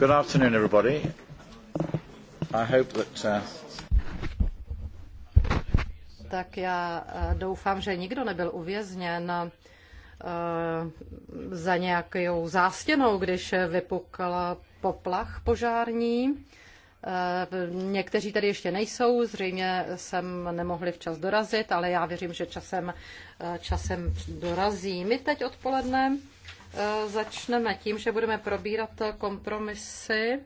Good afternoon, everybody. I hope that, uh, Tak já eh, doufám, že nikdo nebyl uvězněn eh, za nějakou zástěnou, když vypukl poplach požární. Eh, někteří tady ještě nejsou, zřejmě jsem nemohli včas dorazit, ale já věřím, že časem, časem dorazí. My teď odpoledne Eh, začneme tím, že budeme probírat kompromisy,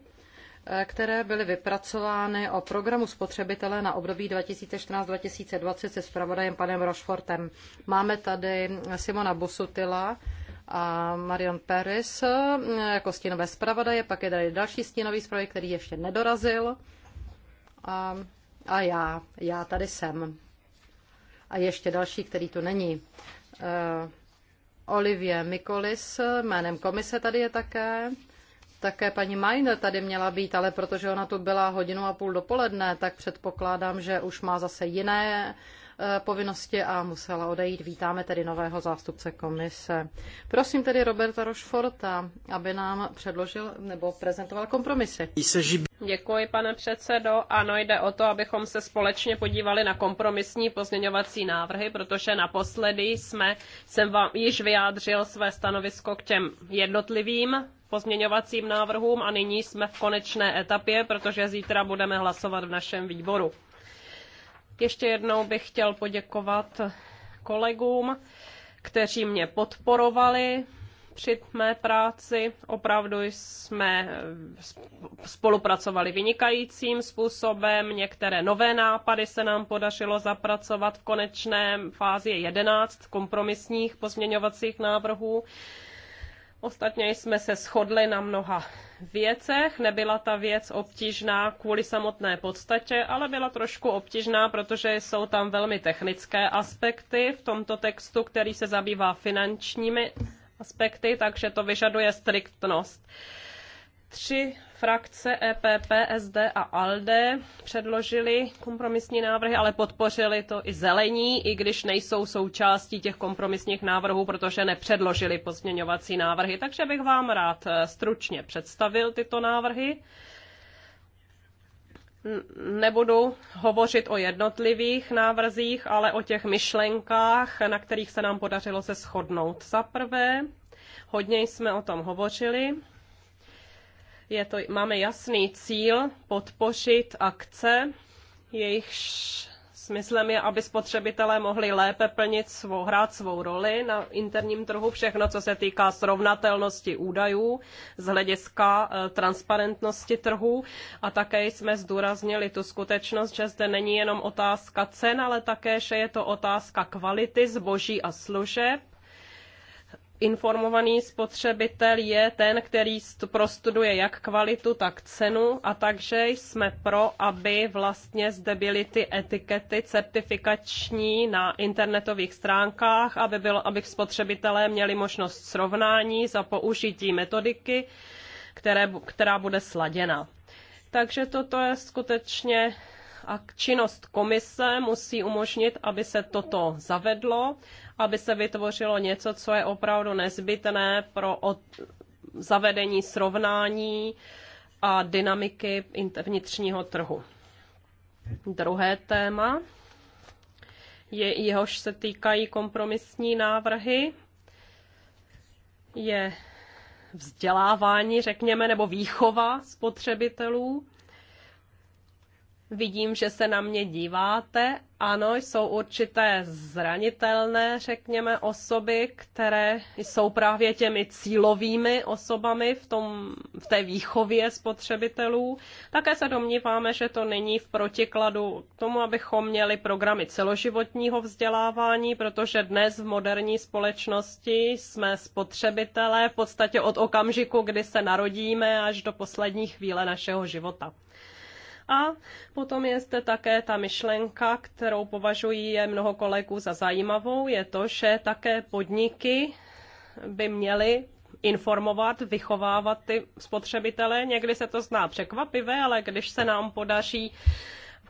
eh, které byly vypracovány o programu spotřebitele na období 2014-2020 se zpravodajem panem Rochefortem. Máme tady Simona Busutila, a Marion Peris eh, jako stínové zpravodaje, pak je tady další stínový zpravodaj, který ještě nedorazil. A, a já, já tady jsem. A ještě další, který tu není. Olivie Mikolis, jménem komise tady je také. Také paní Majner tady měla být, ale protože ona tu byla hodinu a půl dopoledne, tak předpokládám, že už má zase jiné Eh, povinnosti a musela odejít. Vítáme tedy nového zástupce komise. Prosím tedy Roberta Rošforta, aby nám předložil nebo prezentoval kompromisy. Děkuji, pane předsedo. Ano, jde o to, abychom se společně podívali na kompromisní pozměňovací návrhy, protože naposledy jsme, jsem vám již vyjádřil své stanovisko k těm jednotlivým pozměňovacím návrhům a nyní jsme v konečné etapě, protože zítra budeme hlasovat v našem výboru. Ještě jednou bych chtěl poděkovat kolegům, kteří mě podporovali při mé práci. Opravdu jsme eh, spolupracovali vynikajícím způsobem. Některé nové nápady se nám podařilo zapracovat v konečné fázi 11 kompromisních pozměňovacích návrhů. Ostatně jsme se shodli na mnoha věcech. Nebyla ta věc obtížná kvůli samotné podstatě, ale byla trošku obtížná, protože jsou tam velmi technické aspekty v tomto textu, který se zabývá finančními aspekty, takže to vyžaduje striktnost. Uh, Tři frakce EPP, SD a ALDE předložili kompromisní návrhy, ale podpořili to i zelení, i když nejsou součástí těch kompromisních návrhů, protože nepředložili pozměňovací návrhy. Takže bych vám rád eh, stručně představil tyto návrhy. Nebudu hovořit o jednotlivých návrzích, ale o těch myšlenkách, na kterých se nám podařilo se shodnout. Za prvé, hodně jsme o tom hovořili je to, máme jasný cíl podpořit akce, jejichž smyslem je, aby spotřebitelé mohli lépe plnit svou, hrát svou roli na interním trhu, všechno, co se týká srovnatelnosti údajů z hlediska e, transparentnosti trhu. A také jsme zdůraznili tu skutečnost, že zde není jenom otázka cen, ale také, že je to otázka kvality zboží a služeb informovaný spotřebitel je ten, který prostuduje jak kvalitu, tak cenu a takže jsme pro, aby vlastně zde byly ty etikety certifikační na internetových stránkách, aby, bylo, aby spotřebitelé měli možnost srovnání za použití metodiky, které, která bude sladěna. Takže toto je skutečně a činnost komise musí umožnit, aby se toto zavedlo aby se vytvořilo něco, co je opravdu nezbytné pro od, zavedení srovnání a dynamiky vnitřního trhu. Druhé téma, je, jehož se týkají kompromisní návrhy, je vzdělávání, řekněme, nebo výchova spotřebitelů. Vidím, že se na mě díváte. Ano, jsou určité zranitelné, řekněme, osoby, které jsou právě těmi cílovými osobami v, tom, v té výchově spotřebitelů. Také se domníváme, že to není v protikladu k tomu, abychom měli programy celoživotního vzdělávání, protože dnes v moderní společnosti jsme spotřebitelé v podstatě od okamžiku, kdy se narodíme až do poslední chvíle našeho života. A potom je zde také ta myšlenka, kterou považují mnoho kolegů za zajímavou, je to, že také podniky by měly informovat, vychovávat ty spotřebitele. Někdy se to zná překvapivé, ale když se nám podaří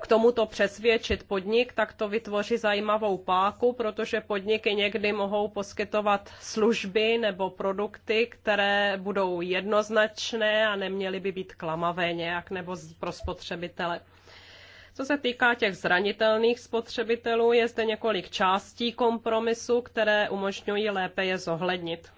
k tomuto přesvědčit podnik, tak to vytvoří zajímavou páku, protože podniky někdy mohou poskytovat služby nebo produkty, které budou jednoznačné a neměly by být klamavé nějak nebo pro spotřebitele. Co se týká těch zranitelných spotřebitelů, je zde několik částí kompromisu, které umožňují lépe je zohlednit.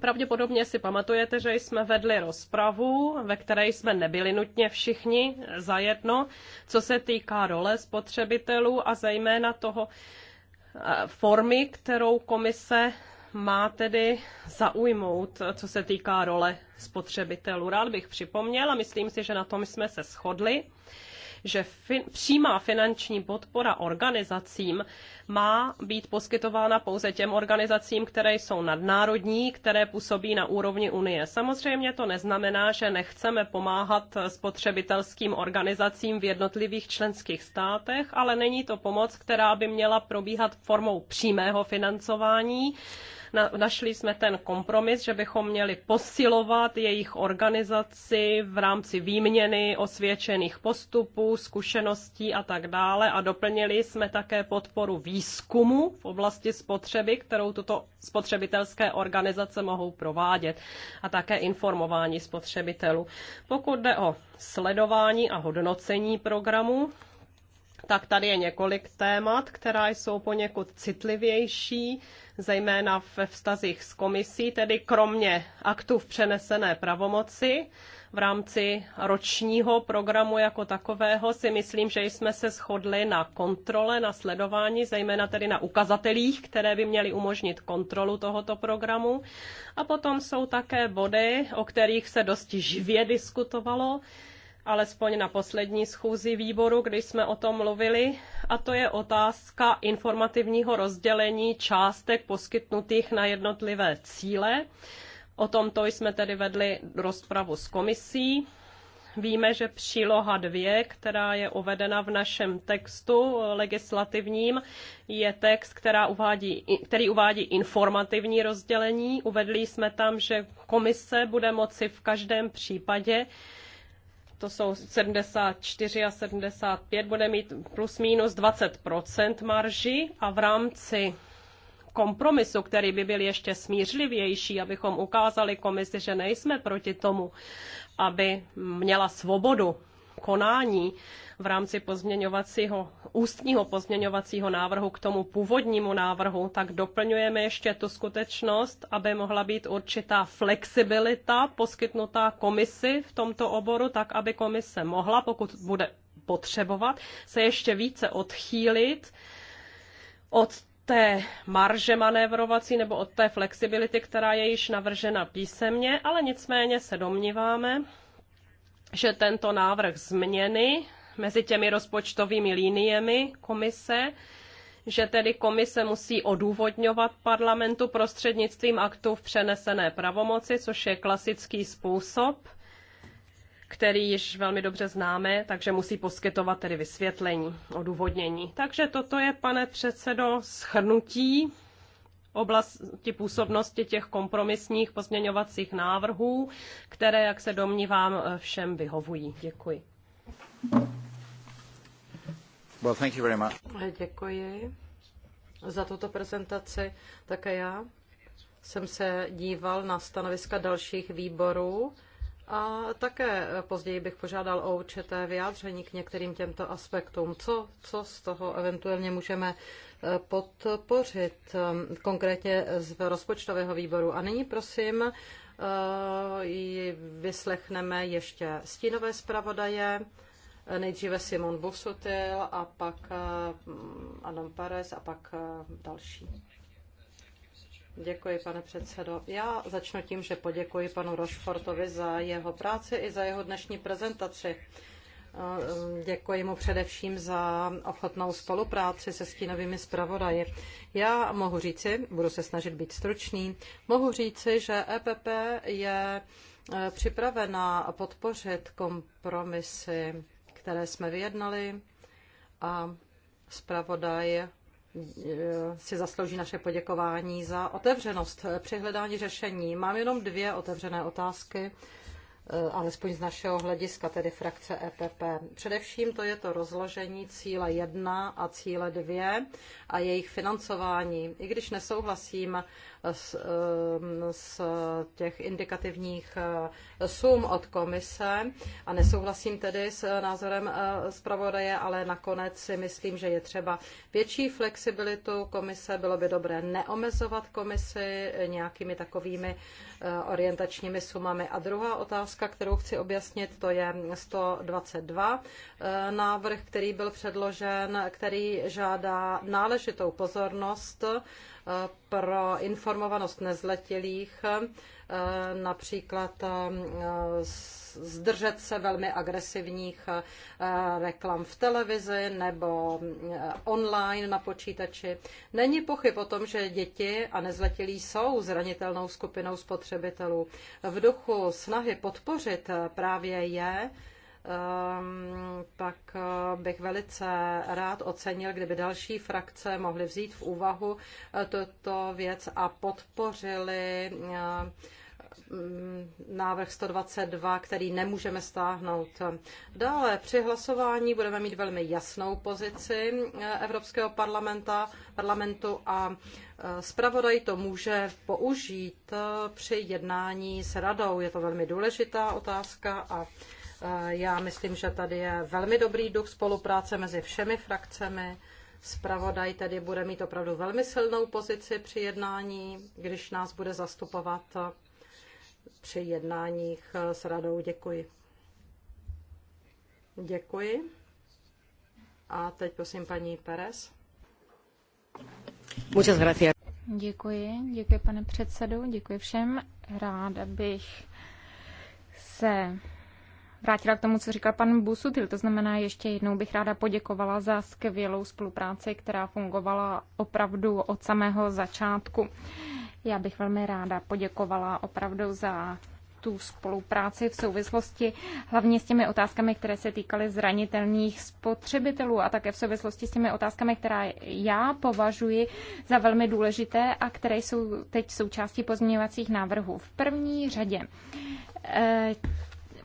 Pravděpodobně si pamatujete, že jsme vedli rozpravu, ve které jsme nebyli nutně všichni zajedno, co se týká role spotřebitelů a zejména toho eh, formy, kterou komise má tedy zaujmout, co se týká role spotřebitelů. Rád bych připomněl a myslím si, že na tom jsme se shodli, že fin- přímá finanční podpora organizacím má být poskytována pouze těm organizacím, které jsou nadnárodní, které působí na úrovni Unie. Samozřejmě to neznamená, že nechceme pomáhat spotřebitelským organizacím v jednotlivých členských státech, ale není to pomoc, která by měla probíhat formou přímého financování na, našli jsme ten kompromis, že bychom měli posilovat jejich organizaci v rámci výměny osvědčených postupů, zkušeností a tak dále a doplnili jsme také podporu výzkumu v oblasti spotřeby, kterou tuto spotřebitelské organizace mohou provádět a také informování spotřebitelů. Pokud jde o sledování a hodnocení programu, tak tady je několik témat, která jsou poněkud citlivější, zejména ve vztazích s komisí, tedy kromě aktů v přenesené pravomoci v rámci ročního programu jako takového si myslím, že jsme se shodli na kontrole, na sledování, zejména tedy na ukazatelích, které by měly umožnit kontrolu tohoto programu. A potom jsou také body, o kterých se dosti živě diskutovalo alespoň na poslední schůzi výboru, kdy jsme o tom mluvili, a to je otázka informativního rozdělení částek poskytnutých na jednotlivé cíle. O tomto jsme tedy vedli rozpravu s komisí. Víme, že příloha 2, která je uvedena v našem textu legislativním, je text, která uvádí, který uvádí informativní rozdělení. Uvedli jsme tam, že komise bude moci v každém případě to jsou 74 a 75, bude mít plus minus 20 marži a v rámci kompromisu, který by byl ještě smířlivější, abychom ukázali komisi, že nejsme proti tomu, aby měla svobodu konání, v rámci pozměňovacího, ústního pozměňovacího návrhu k tomu původnímu návrhu, tak doplňujeme ještě tu skutečnost, aby mohla být určitá flexibilita poskytnutá komisi v tomto oboru, tak aby komise mohla, pokud bude potřebovat, se ještě více odchýlit od té marže manévrovací nebo od té flexibility, která je již navržena písemně, ale nicméně se domníváme, že tento návrh změny mezi těmi rozpočtovými líniemi komise, že tedy komise musí odůvodňovat parlamentu prostřednictvím aktů v přenesené pravomoci, což je klasický způsob, který již velmi dobře známe, takže musí poskytovat tedy vysvětlení, odůvodnění. Takže toto je, pane předsedo, schrnutí oblasti působnosti těch kompromisních pozměňovacích návrhů, které, jak se domnívám, všem vyhovují. Děkuji. Děkuji za tuto prezentaci. Také já jsem se díval na stanoviska dalších výborů a také později bych požádal o určité vyjádření k některým těmto aspektům. Co, co z toho eventuálně můžeme eh, podpořit eh, konkrétně z rozpočtového výboru? A nyní prosím, eh, vyslechneme ještě stínové zpravodaje. Nejdříve Simon Bosotel a pak eh, mm, Adam Pares a pak eh, další. Děkuji, pane předsedo. Já začnu tím, že poděkuji panu Rošfortovi za jeho práci i za jeho dnešní prezentaci. Eh, mm, děkuji mu především za ochotnou spolupráci se stínovými zpravodaji. Já mohu říci, budu se snažit být stručný, mohu říci, že EPP je připravena podpořit kompromisy které jsme vyjednali a zpravodaj eh, si zaslouží naše poděkování za otevřenost při hledání řešení. Mám jenom dvě otevřené otázky, eh, alespoň z našeho hlediska, tedy frakce EPP. Především to je to rozložení cíle 1 a cíle 2 a jejich financování. I když nesouhlasím z, um, z těch indikativních eh, sum od komise a nesouhlasím tedy s názorem eh, zpravodaje, ale nakonec si myslím, že je třeba větší flexibilitu komise. Bylo by dobré neomezovat komisi nějakými takovými eh, orientačními sumami. A druhá otázka, kterou chci objasnit, to je 122 návrh, který byl předložen, který žádá náležitou pozornost pro informace informovanost nezletilých, eh, například eh, zdržet se velmi agresivních eh, reklam v televizi nebo online na počítači. Není pochyb o tom, že děti a nezletilí jsou zranitelnou skupinou spotřebitelů. V duchu snahy podpořit právě je Ehm, tak eh, bych velice rád ocenil, kdyby další frakce mohly vzít v úvahu eh, tuto věc a podpořili eh, návrh 122, který nemůžeme stáhnout. Dále při hlasování budeme mít velmi jasnou pozici Evropského parlamenta, parlamentu a zpravodaj to může použít při jednání s radou. Je to velmi důležitá otázka a Eh, já myslím, že tady je velmi dobrý duch spolupráce mezi všemi frakcemi. Spravodaj tedy bude mít opravdu velmi silnou pozici při jednání, když nás bude zastupovat eh, při jednáních eh, s radou. Děkuji. Děkuji. A teď prosím paní Perez. Muchas gracias. Děkuji, děkuji pane předsedu, děkuji všem. Ráda bych se vrátila k tomu, co říkal pan Busutil. To znamená, ještě jednou bych ráda poděkovala za skvělou spolupráci, která fungovala opravdu od samého začátku. Já bych velmi ráda poděkovala opravdu za tu spolupráci v souvislosti hlavně s těmi otázkami, které se týkaly zranitelných spotřebitelů a také v souvislosti s těmi otázkami, která já považuji za velmi důležité a které jsou teď součástí pozměňovacích návrhů. V první řadě eh,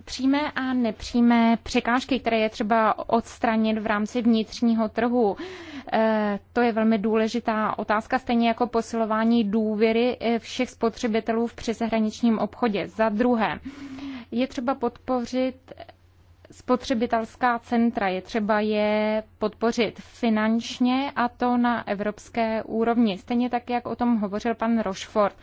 přímé a nepřímé překážky, které je třeba odstranit v rámci vnitřního trhu. E, to je velmi důležitá otázka, stejně jako posilování důvěry e, všech spotřebitelů v přeshraničním obchodě. Za druhé, je třeba podpořit spotřebitelská centra. Je třeba je podpořit finančně a to na evropské úrovni. Stejně tak, jak o tom hovořil pan Rochford.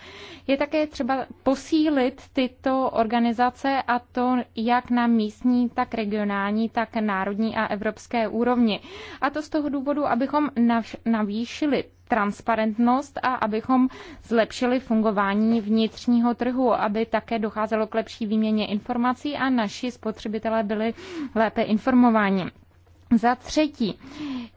Je také třeba posílit tyto organizace a to jak na místní, tak regionální, tak národní a evropské úrovni. A to z toho důvodu, abychom navýšili transparentnost a abychom zlepšili fungování vnitřního trhu, aby také docházelo k lepší výměně informací a naši spotřebitelé byli lépe informováni. Za třetí,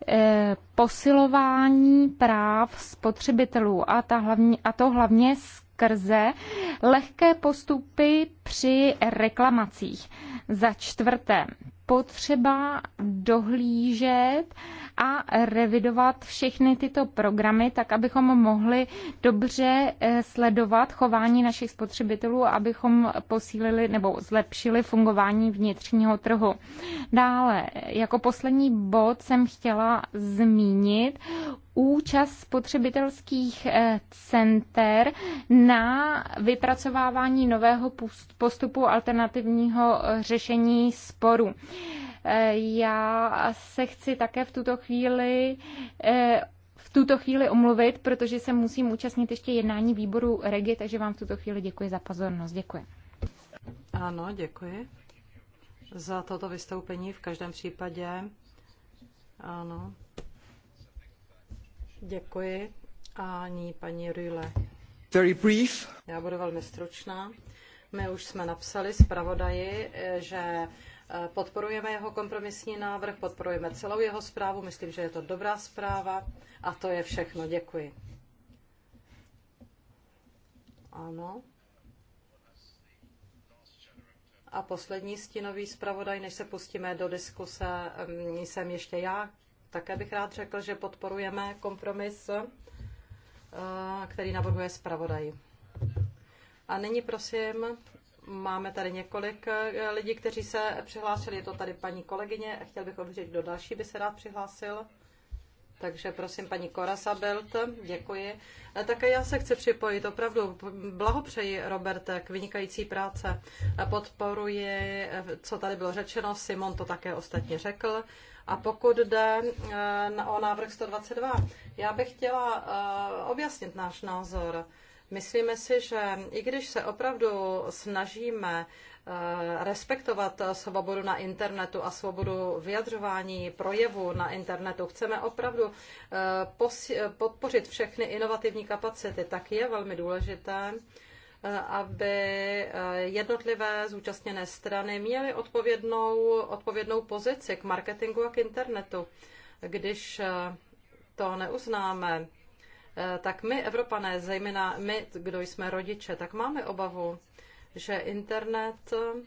eh, posilování práv spotřebitelů a, ta hlavně, a to hlavně skrze lehké postupy při reklamacích. Za čtvrté, potřeba dohlížet a revidovat všechny tyto programy, tak abychom mohli dobře eh, sledovat chování našich spotřebitelů, abychom posílili nebo zlepšili fungování vnitřního trhu. Dále, jako poslední bod jsem chtěla zmínit účast spotřebitelských eh, center na vypracovávání nového postupu alternativního eh, řešení sporu. Eh, já se chci také v tuto chvíli eh, v tuto chvíli omluvit, protože se musím účastnit ještě jednání výboru REGI, takže vám v tuto chvíli děkuji za pozornost. Děkuji. Ano, děkuji za toto vystoupení v každém případě. Ano. Děkuji. A ní paní Rüle. Very brief. Já budu velmi stručná. My už jsme napsali zpravodaji, že e, podporujeme jeho kompromisní návrh, podporujeme celou jeho zprávu, myslím, že je to dobrá zpráva a to je všechno. Děkuji. Ano. A poslední stínový zpravodaj, než se pustíme do diskuse, mm, jsem ještě já. Také bych rád řekl, že podporujeme kompromis, e, který navrhuje zpravodaj. A nyní prosím, máme tady několik eh, lidí, kteří se přihlásili. Je to tady paní kolegyně. Chtěl bych ověřit, kdo další by se rád přihlásil. Takže prosím, paní Korasa Belt, děkuji. Eh, také já se chci připojit, opravdu blahopřeji, Roberte, k vynikající práce. Podporuji, eh, co tady bylo řečeno, Simon to také ostatně řekl. A pokud jde o návrh 122, já bych chtěla objasnit náš názor. Myslíme si, že i když se opravdu snažíme eh, respektovat svobodu na internetu a svobodu vyjadřování projevu na internetu, chceme opravdu eh, podpořit všechny inovativní kapacity, tak je velmi důležité, eh, aby jednotlivé zúčastněné strany měly odpovědnou, odpovědnou pozici k marketingu a k internetu. Když to neuznáme, Eh, tak my, Evropané, zejména my, kdo jsme rodiče, tak máme obavu, že internet eh,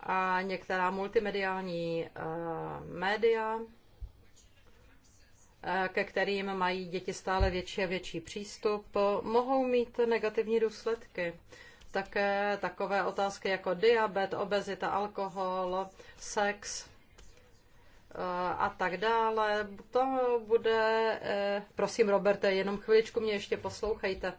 a některá multimediální eh, média, ke kterým mají děti stále větší a větší přístup, mohou mít negativní důsledky. Také takové otázky jako diabet, obezita, alkohol, sex, a tak dále. To bude, e, prosím Roberte, jenom chviličku mě ještě poslouchejte.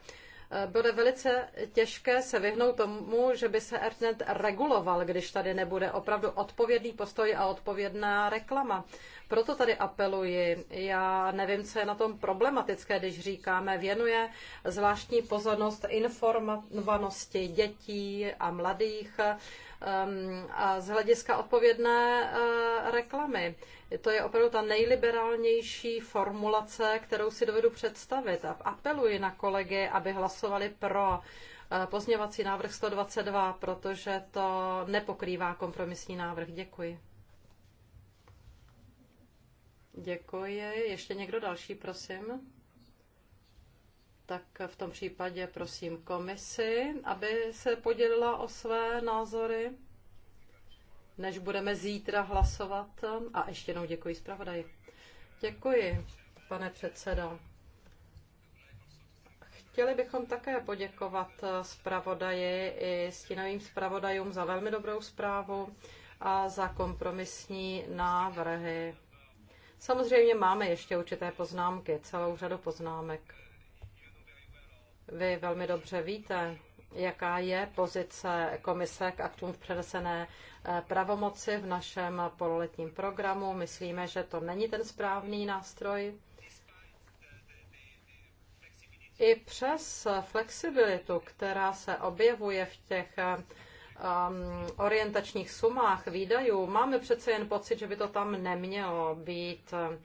E, bude velice těžké se vyhnout tomu, že by se Ernet reguloval, když tady nebude opravdu odpovědný postoj a odpovědná reklama. Proto tady apeluji. Já nevím, co je na tom problematické, když říkáme, věnuje zvláštní pozornost informovanosti dětí a mladých ehm, a z hlediska odpovědné eh, reklamy. To je opravdu ta nejliberálnější formulace, kterou si dovedu představit. A apeluji na kolegy, aby hlasovali pro eh, pozměňovací návrh 122, protože to nepokrývá kompromisní návrh. Děkuji. Děkuji. Ještě někdo další, prosím? Tak v tom případě prosím komisi, aby se podělila o své názory, než budeme zítra hlasovat. A ještě jednou děkuji zpravodaji. Děkuji, pane předsedo. Chtěli bychom také poděkovat zpravodaji i stínovým zpravodajům za velmi dobrou zprávu a za kompromisní návrhy. Samozřejmě máme ještě určité poznámky, celou řadu poznámek. Vy velmi dobře víte, jaká je pozice komise k aktům v přenesené eh, pravomoci v našem pololetním programu. Myslíme, že to není ten správný nástroj. I přes flexibilitu, která se objevuje v těch eh, Um, orientačních sumách výdajů máme přece jen pocit, že by to tam nemělo být. Um,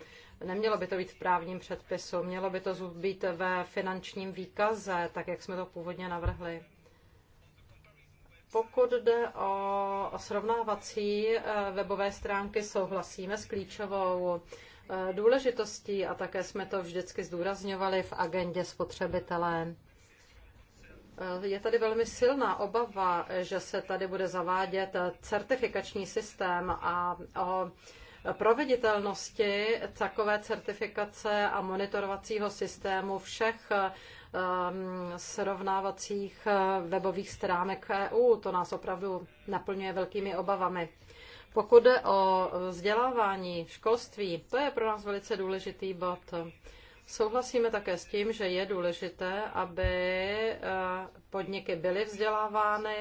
nemělo by to být v právním předpisu, mělo by to být ve finančním výkaze, tak jak jsme to původně navrhli. Pokud jde o srovnávací eh, webové stránky, souhlasíme s klíčovou eh, důležitostí a také jsme to vždycky zdůrazňovali v agendě spotřebitelé. Eh, je tady velmi silná obava, že se tady bude zavádět certifikační systém a o proveditelnosti takové certifikace a monitorovacího systému všech ehm, srovnávacích eh, webových stránek EU. To nás opravdu naplňuje velkými obavami. Pokud jde o vzdělávání, školství, to je pro nás velice důležitý bod. Souhlasíme také s tím, že je důležité, aby eh, podniky byly vzdělávány,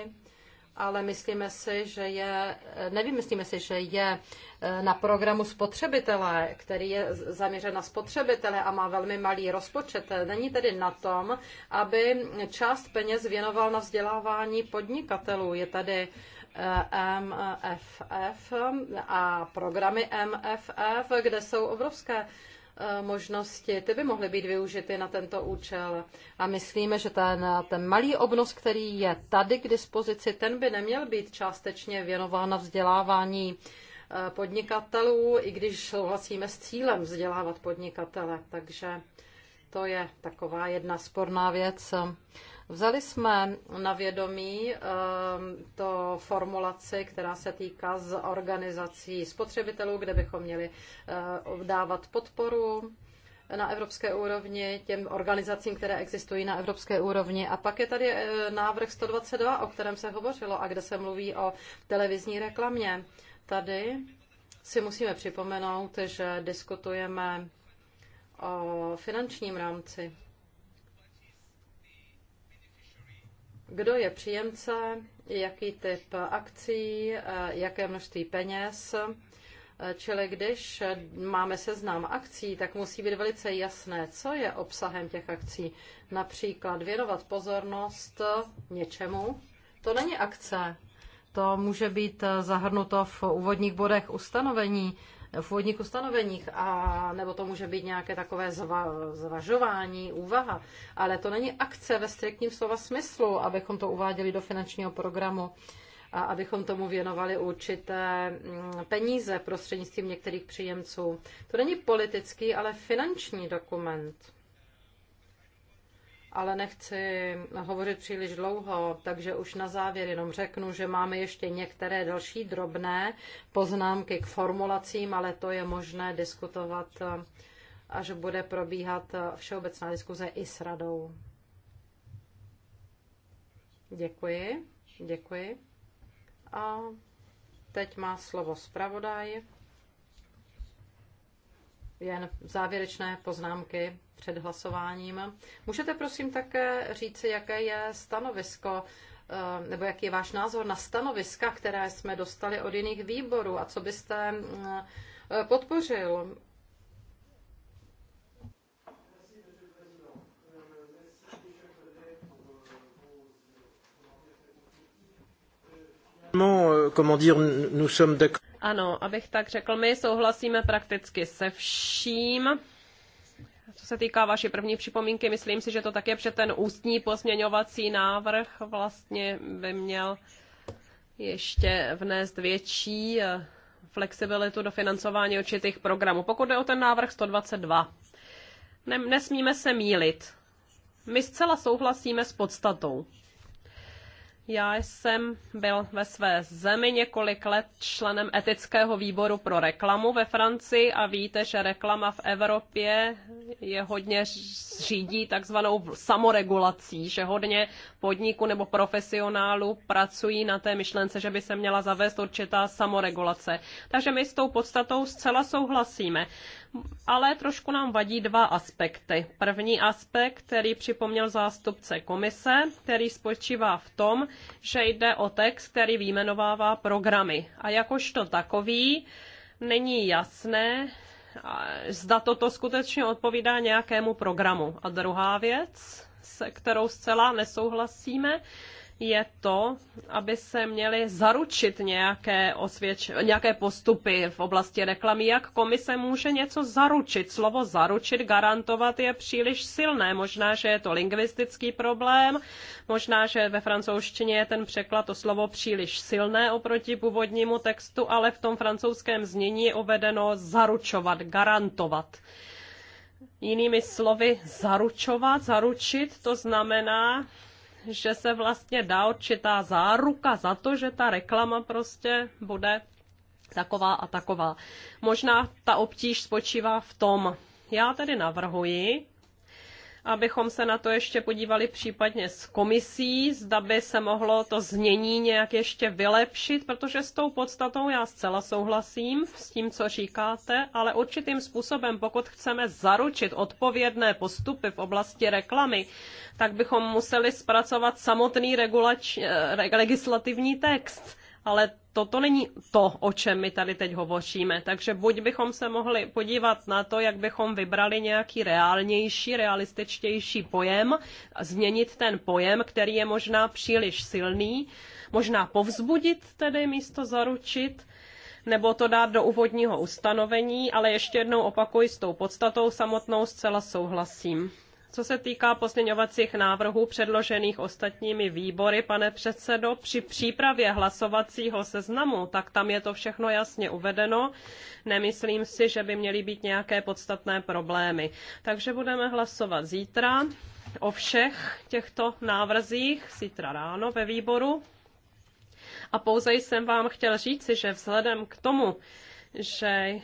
ale myslíme si, že je, eh, nevím, myslíme si, že je eh, na programu spotřebitele, který je zaměřen na spotřebitele a má velmi malý rozpočet. Není tedy na tom, aby část peněz věnoval na vzdělávání podnikatelů. Je tady MFF a programy MFF, kde jsou obrovské Eh, možnosti, ty by mohly být využity na tento účel. A myslíme, že ten, ten malý obnos, který je tady k dispozici, ten by neměl být částečně věnován na vzdělávání eh, podnikatelů, i když souhlasíme s cílem vzdělávat podnikatele. Takže to je taková jedna sporná věc. Vzali jsme na vědomí ehm, to formulaci, která se týká z organizací spotřebitelů, kde bychom měli eh, dávat podporu na evropské úrovni, těm organizacím, které existují na evropské úrovni. A pak je tady eh, návrh 122, o kterém se hovořilo a kde se mluví o televizní reklamě. Tady si musíme připomenout, že diskutujeme o finančním rámci kdo je příjemce, jaký typ akcí, eh, jaké množství peněz. Eh, čili když máme seznam akcí, tak musí být velice jasné, co je obsahem těch akcí. Například věnovat pozornost něčemu. To není akce. To může být eh, zahrnuto v úvodních bodech ustanovení v úvodních ustanoveních, a, nebo to může být nějaké takové zva, zvažování, úvaha, ale to není akce ve striktním slova smyslu, abychom to uváděli do finančního programu a abychom tomu věnovali určité mm, peníze prostřednictvím některých příjemců. To není politický, ale finanční dokument ale nechci hovořit příliš dlouho, takže už na závěr jenom řeknu, že máme ještě některé další drobné poznámky k formulacím, ale to je možné diskutovat, eh, až bude probíhat eh, všeobecná diskuze i s radou. Děkuji, děkuji. A teď má slovo zpravodaj jen závěrečné poznámky před hlasováním. Můžete prosím také říci, jaké je stanovisko eh, nebo jaký je váš názor na stanoviska, které jsme dostali od jiných výborů a co byste eh, eh, podpořil? Euh, comment dire, nous sommes d'accord. Ano, abych tak řekl, my souhlasíme prakticky se vším. Co se týká vaší první připomínky, myslím si, že to také před ten ústní posměňovací návrh vlastně by měl ještě vnést větší eh, flexibilitu do financování určitých programů. Pokud jde o ten návrh 122, nesmíme se mílit. My zcela souhlasíme s podstatou já jsem byl ve své zemi několik let členem etického výboru pro reklamu ve Francii a víte, že reklama v Evropě je hodně řídí takzvanou samoregulací, že hodně podniků nebo profesionálů pracují na té myšlence, že by se měla zavést určitá samoregulace. Takže my s tou podstatou zcela souhlasíme ale trošku nám vadí dva aspekty. První aspekt, který připomněl zástupce komise, který spočívá v tom, že jde o text, který výjmenovává programy. A jakožto takový není jasné, zda toto skutečně odpovídá nějakému programu. A druhá věc, se kterou zcela nesouhlasíme, je to, aby se měly zaručit nějaké, osvědč, nějaké postupy v oblasti reklamy. Jak komise může něco zaručit? Slovo zaručit, garantovat je příliš silné. Možná, že je to lingvistický problém, možná, že ve francouzštině je ten překlad to slovo příliš silné oproti původnímu textu, ale v tom francouzském znění je uvedeno zaručovat, garantovat. Jinými slovy, zaručovat, zaručit, to znamená že se vlastně dá určitá záruka za to, že ta reklama prostě bude taková a taková. Možná ta obtíž spočívá v tom, já tedy navrhuji, abychom se na to ještě podívali případně s komisí, zda by se mohlo to znění nějak ještě vylepšit, protože s tou podstatou já zcela souhlasím s tím, co říkáte, ale určitým způsobem, pokud chceme zaručit odpovědné postupy v oblasti reklamy, tak bychom museli zpracovat samotný regulač, eh, legislativní text ale toto není to, o čem my tady teď hovoříme. Takže buď bychom se mohli podívat na to, jak bychom vybrali nějaký reálnější, realističtější pojem, změnit ten pojem, který je možná příliš silný, možná povzbudit tedy místo zaručit, nebo to dát do úvodního ustanovení, ale ještě jednou opakuji s tou podstatou samotnou zcela souhlasím. Co se týká pozměňovacích návrhů předložených ostatními výbory, pane předsedo, při přípravě hlasovacího seznamu, tak tam je to všechno jasně uvedeno. Nemyslím si, že by měly být nějaké podstatné problémy. Takže budeme hlasovat zítra o všech těchto návrzích, zítra ráno ve výboru. A pouze jsem vám chtěl říci, že vzhledem k tomu, že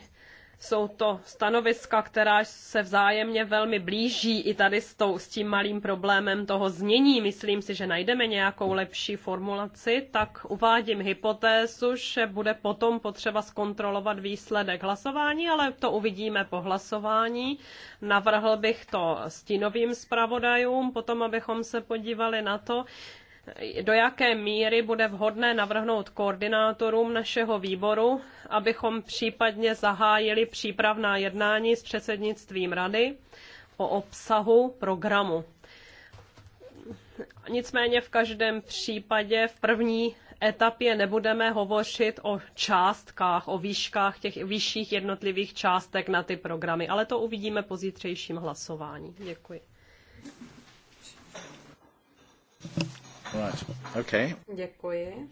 jsou to stanoviska, která se vzájemně velmi blíží i tady s, tou, s tím malým problémem toho znění. Myslím si, že najdeme nějakou lepší formulaci, tak uvádím hypotézu, že bude potom potřeba zkontrolovat výsledek hlasování, ale to uvidíme po hlasování. Navrhl bych to stínovým zpravodajům, potom abychom se podívali na to, do jaké míry bude vhodné navrhnout koordinátorům našeho výboru, abychom případně zahájili přípravná jednání s předsednictvím rady o obsahu programu. Nicméně v každém případě v první etapě nebudeme hovořit o částkách, o výškách těch vyšších jednotlivých částek na ty programy, ale to uvidíme po zítřejším hlasování. Děkuji. Right. Okay. Děkuji.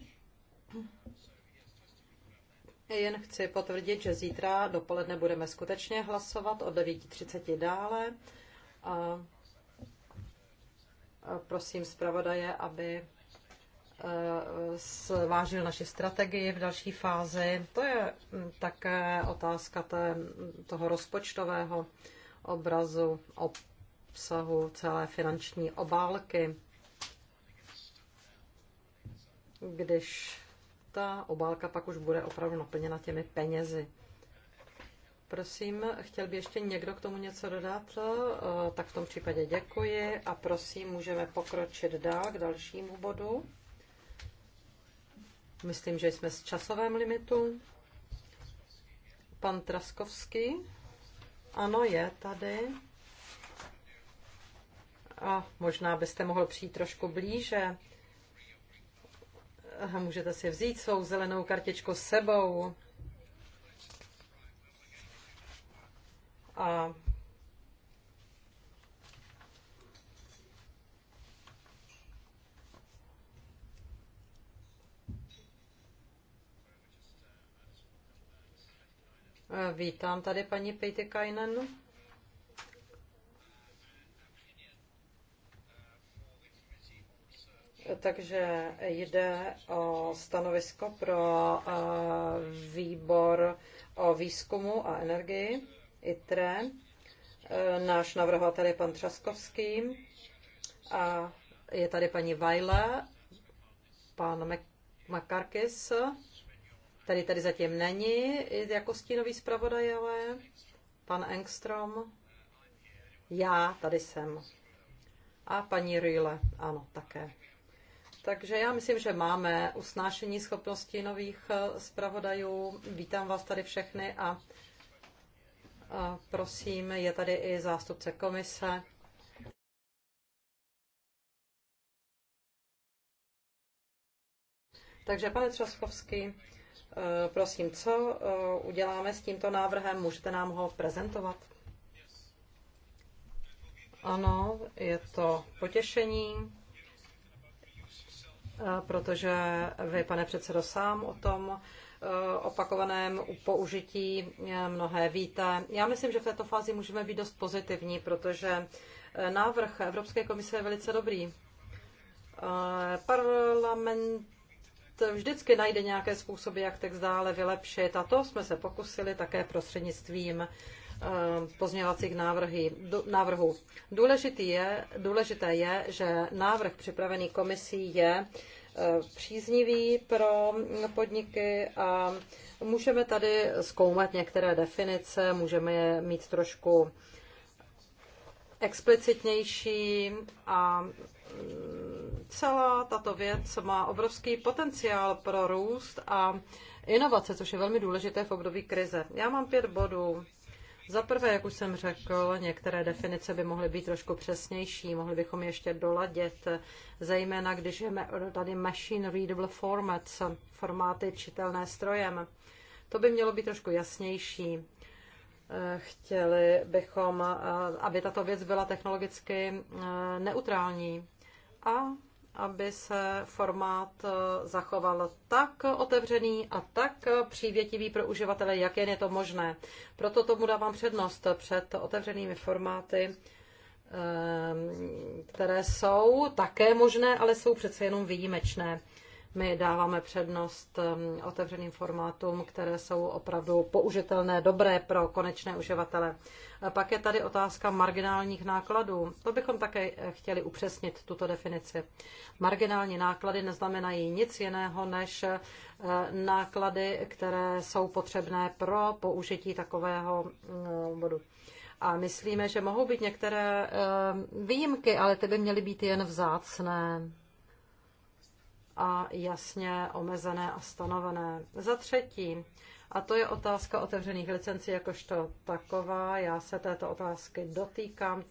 Jen chci potvrdit, že zítra dopoledne budeme skutečně hlasovat od 9.30 dále. A prosím zpravodaje, aby e, zvážil naši strategii v další fázi. To je také otázka té, toho rozpočtového obrazu, obsahu celé finanční obálky když ta obálka pak už bude opravdu naplněna těmi penězi. Prosím, chtěl by ještě někdo k tomu něco dodat? Eh, tak v tom případě děkuji a prosím, můžeme pokročit dál k dalšímu bodu. Myslím, že jsme s časovém limitu. Pan Traskovský. Ano, je tady. A možná byste mohl přijít trošku blíže a můžete si vzít svou zelenou kartičku s sebou. A Vítám tady paní Pejtikainen. Takže jde o stanovisko pro eh, výbor o výzkumu a energii, ITRE. Eh, náš navrhovatel je pan Třaskovský a je tady paní Vajle, pan Makarkis, který tady zatím není jako stínový zpravodaj, ale pan Engstrom, já tady jsem. A paní Rýle, ano, také. Takže já myslím, že máme usnášení schopnosti nových eh, zpravodajů. Vítám vás tady všechny a, prosím, je tady i zástupce komise. Takže pane Třaskovský, eh, prosím, co eh, uděláme s tímto návrhem? Můžete nám ho prezentovat? Ano, je to potěšení protože vy, pane předsedo, sám o tom e, opakovaném použití e, mnohé víte. Já myslím, že v této fázi můžeme být dost pozitivní, protože e, návrh Evropské komise je velice dobrý. Parlament vždycky najde nějaké způsoby, jak text dále vylepšit a to jsme se pokusili také prostřednictvím Eh, pozměňovacích návrhů. Důležitý je, důležité je, že návrh připravený komisí je eh, příznivý pro podniky a můžeme tady zkoumat některé definice, můžeme je mít trošku explicitnější a mm, celá tato věc má obrovský potenciál pro růst a inovace, což je velmi důležité v období krize. Já mám pět bodů. Za prvé, jak už jsem řekl, některé definice by mohly být trošku přesnější, mohli bychom ještě doladit, zejména když je tady machine readable formats, formáty čitelné strojem. To by mělo být trošku jasnější. Chtěli bychom, eh, aby tato věc byla technologicky eh, neutrální a aby se formát eh, zachoval tak otevřený a tak přívětivý pro uživatele, jak jen je to možné. Proto tomu dávám přednost před otevřenými formáty, eh, které jsou také možné, ale jsou přece jenom výjimečné. My dáváme přednost um, otevřeným formátům, které jsou opravdu použitelné, dobré pro konečné uživatele. Pak je tady otázka marginálních nákladů. To bychom také eh, chtěli upřesnit, tuto definici. Marginální náklady neznamenají nic jiného než eh, náklady, které jsou potřebné pro použití takového eh, bodu. A myslíme, že mohou být některé výjimky, ale ty by měly být jen vzácné a jasně omezené a stanovené. Za třetí, a to je otázka otevřených licencí jakožto taková, já se této otázky dotýkám.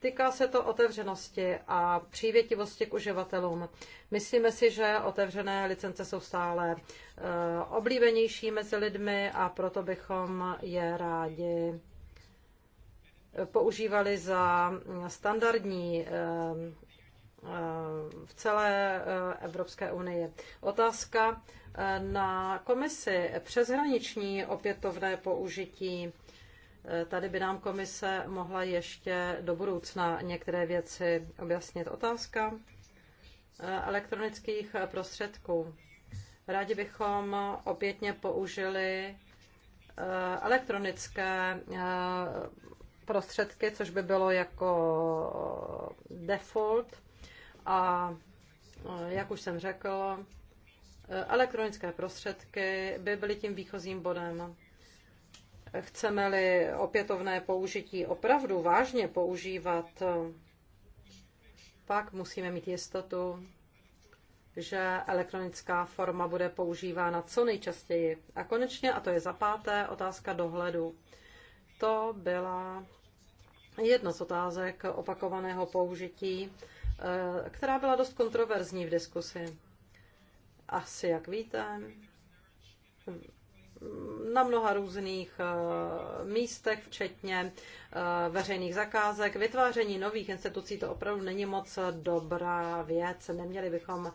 Týká se to otevřenosti a přívětivosti k uživatelům. Myslíme si, že otevřené licence jsou stále eh, oblíbenější mezi lidmi a proto bychom je rádi eh, používali za standardní eh, Eh, v celé eh, Evropské unii. Otázka eh, na komisi přeshraniční opětovné použití. Tady by nám komise mohla ještě do budoucna některé věci objasnit. Otázka elektronických prostředků. Rádi bychom opětně použili elektronické prostředky, což by bylo jako default a e, jak už jsem řekl, e, elektronické prostředky by byly tím výchozím bodem. Chceme-li opětovné použití opravdu vážně používat, e, pak musíme mít jistotu, že elektronická forma bude používána co nejčastěji. A konečně, a to je za páté, otázka dohledu. To byla jedna z otázek opakovaného použití Eh, která byla dost kontroverzní v diskusi. Asi, jak víte, na mnoha různých eh, místech, včetně eh, veřejných zakázek. Vytváření nových institucí to opravdu není moc dobrá věc. Neměli bychom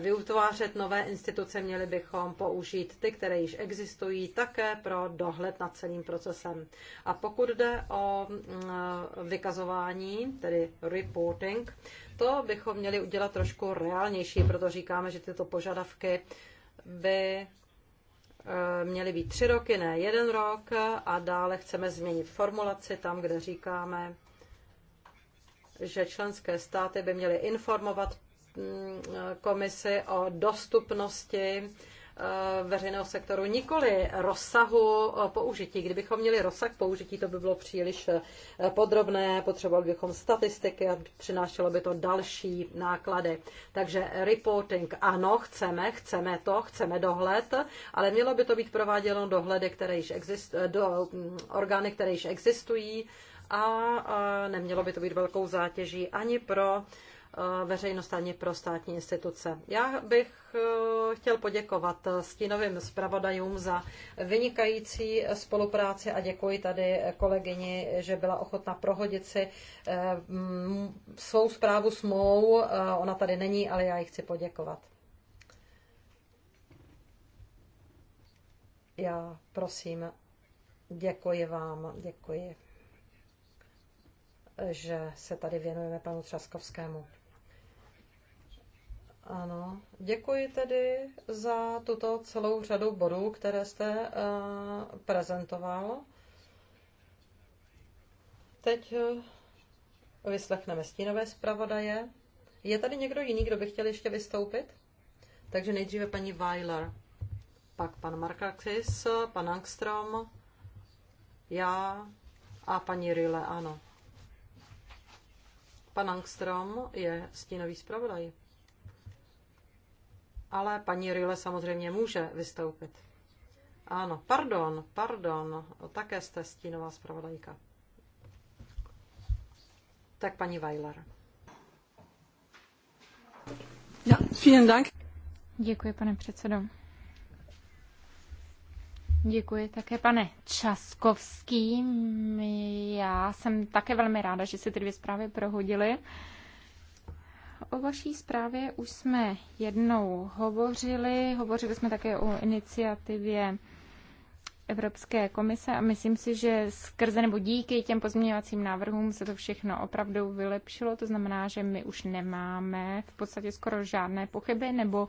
vyutvářet nové instituce, měli bychom použít ty, které již existují, také pro dohled nad celým procesem. A pokud jde o mm, vykazování, tedy reporting, to bychom měli udělat trošku reálnější, proto říkáme, že tyto požadavky by eh, měly být tři roky, ne jeden rok a dále chceme změnit formulaci tam, kde říkáme, že členské státy by měly informovat komisi o dostupnosti eh, veřejného sektoru, nikoli rozsahu použití. Kdybychom měli rozsah použití, to by bylo příliš eh, podrobné, potřebovali bychom statistiky a přinášelo by to další náklady. Takže reporting ano, chceme, chceme to, chceme dohled, ale mělo by to být prováděno dohledy, které již existují, eh, do, mm, orgány, které již existují a, a nemělo by to být velkou zátěží ani pro Eh, veřejnost ani pro státní instituce. Já bych eh, chtěl poděkovat stínovým zpravodajům za vynikající spolupráci a děkuji tady kolegyni, že byla ochotna prohodit si eh, svou zprávu s mou. Ona tady není, ale já jí chci poděkovat. Já prosím, děkuji vám, děkuji, že se tady věnujeme panu Třaskovskému. Ano, děkuji tedy za tuto celou řadu bodů, které jste uh, prezentoval. Teď eh, vyslechneme stínové zpravodaje. Je tady někdo jiný, kdo by chtěl ještě vystoupit? Takže nejdříve paní Weiler, pak pan Markaxis, pan Angstrom, já a paní Rille, ano. Pan Angstrom je stínový zpravodaj ale paní Rile samozřejmě může vystoupit. Ano, pardon, pardon, také jste stínová zpravodajka. Tak paní Weiler. Ja, vielen Dank. Děkuji, pane předsedo. Děkuji také, pane Časkovský. Já jsem také velmi ráda, že se ty dvě zprávy prohodily. Uh, O vaší zprávě už jsme jednou hovořili, hovořili jsme také o iniciativě Evropské komise a myslím si, že skrze nebo díky těm pozměňovacím návrhům se to všechno opravdu vylepšilo. To znamená, že my už nemáme v podstatě skoro žádné pochyby nebo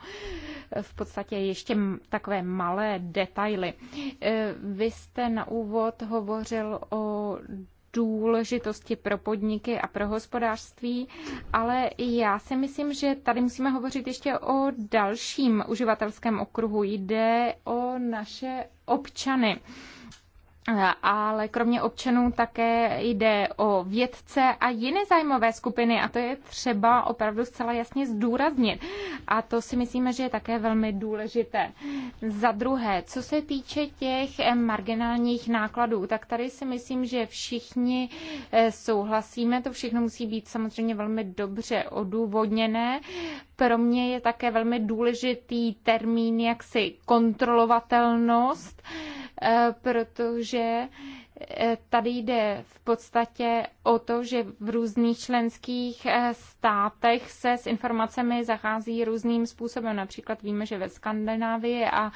v podstatě ještě takové malé detaily. E, vy jste na úvod hovořil o důležitosti pro podniky a pro hospodářství, ale já si myslím, že tady musíme hovořit ještě o dalším uživatelském okruhu. Jde o naše občany ale kromě občanů také jde o vědce a jiné zájmové skupiny a to je třeba opravdu zcela jasně zdůraznit. A to si myslíme, že je také velmi důležité. Za druhé, co se týče těch eh, marginálních nákladů, tak tady si myslím, že všichni eh, souhlasíme. To všechno musí být samozřejmě velmi dobře odůvodněné. Pro mě je také velmi důležitý termín jaksi kontrolovatelnost Eh, protože eh, tady jde v podstatě o to, že v různých členských eh, státech se s informacemi zachází různým způsobem. Například víme, že ve Skandinávii a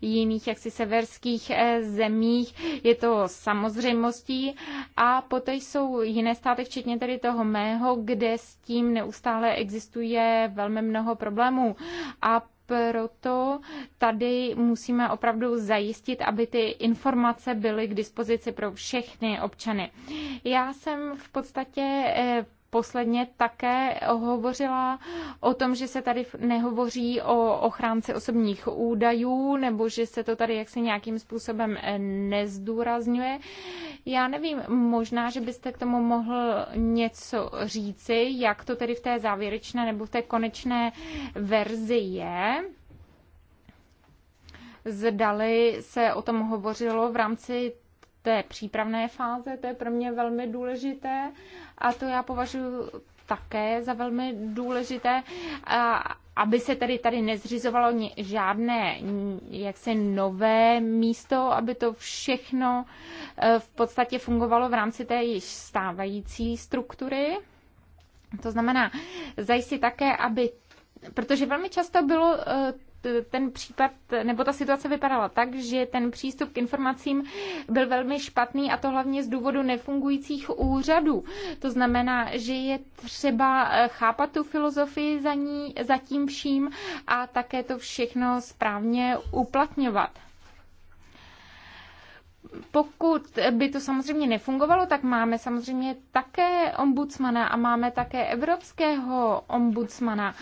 jiných jaksi severských zemích je to samozřejmostí a poté jsou jiné státy, včetně tedy toho mého, kde s tím neustále existuje velmi mnoho problémů. A proto tady musíme opravdu zajistit, aby ty informace byly k dispozici pro všechny občany. Já jsem v podstatě eh, posledně také hovořila o tom, že se tady nehovoří o ochránci osobních údajů, nebo že se to tady jaksi nějakým způsobem eh, nezdůrazňuje. Já nevím, možná, že byste k tomu mohl něco říci, jak to tedy v té závěrečné nebo v té konečné verzi je zdali se o tom hovořilo v rámci té přípravné fáze, to je pro mě velmi důležité a to já považuji také za velmi důležité, aby se tedy tady nezřizovalo žádné jaksi nové místo, aby to všechno e, v podstatě fungovalo v rámci té již stávající struktury. To znamená zajistit také, aby protože velmi často bylo e, ten případ nebo ta situace vypadala tak, že ten přístup k informacím byl velmi špatný a to hlavně z důvodu nefungujících úřadů. To znamená, že je třeba eh, chápat tu filozofii za, ní, za tím vším a také to všechno správně uplatňovat pokud by to samozřejmě nefungovalo, tak máme samozřejmě také ombudsmana a máme také evropského ombudsmana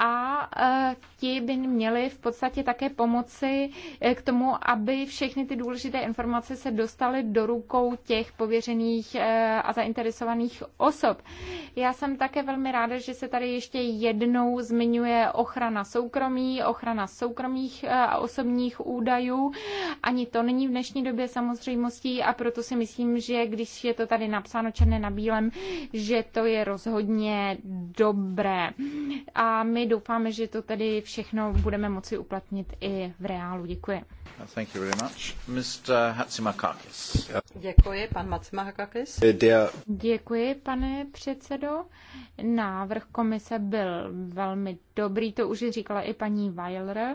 a e, ti by měli v podstatě také pomoci e, k tomu, aby všechny ty důležité informace se dostaly do rukou těch pověřených e, a zainteresovaných osob. Já jsem také velmi ráda, že se tady ještě jednou zmiňuje ochrana soukromí, ochrana soukromých a osobních údajů. Ani to není v dnešní době samozřejmostí a proto si myslím, že když je to tady napsáno černé na bílém, že to je rozhodně dobré. A my Doufáme, že to tedy všechno budeme moci uplatnit i v reálu. Děkuji. Thank you very much. Mr. Hatsimakakis. Děkuji, pan Hatsimakakis. Děkuji, pane předsedo. Návrh komise byl velmi dobrý, to už říkala i paní Weiler.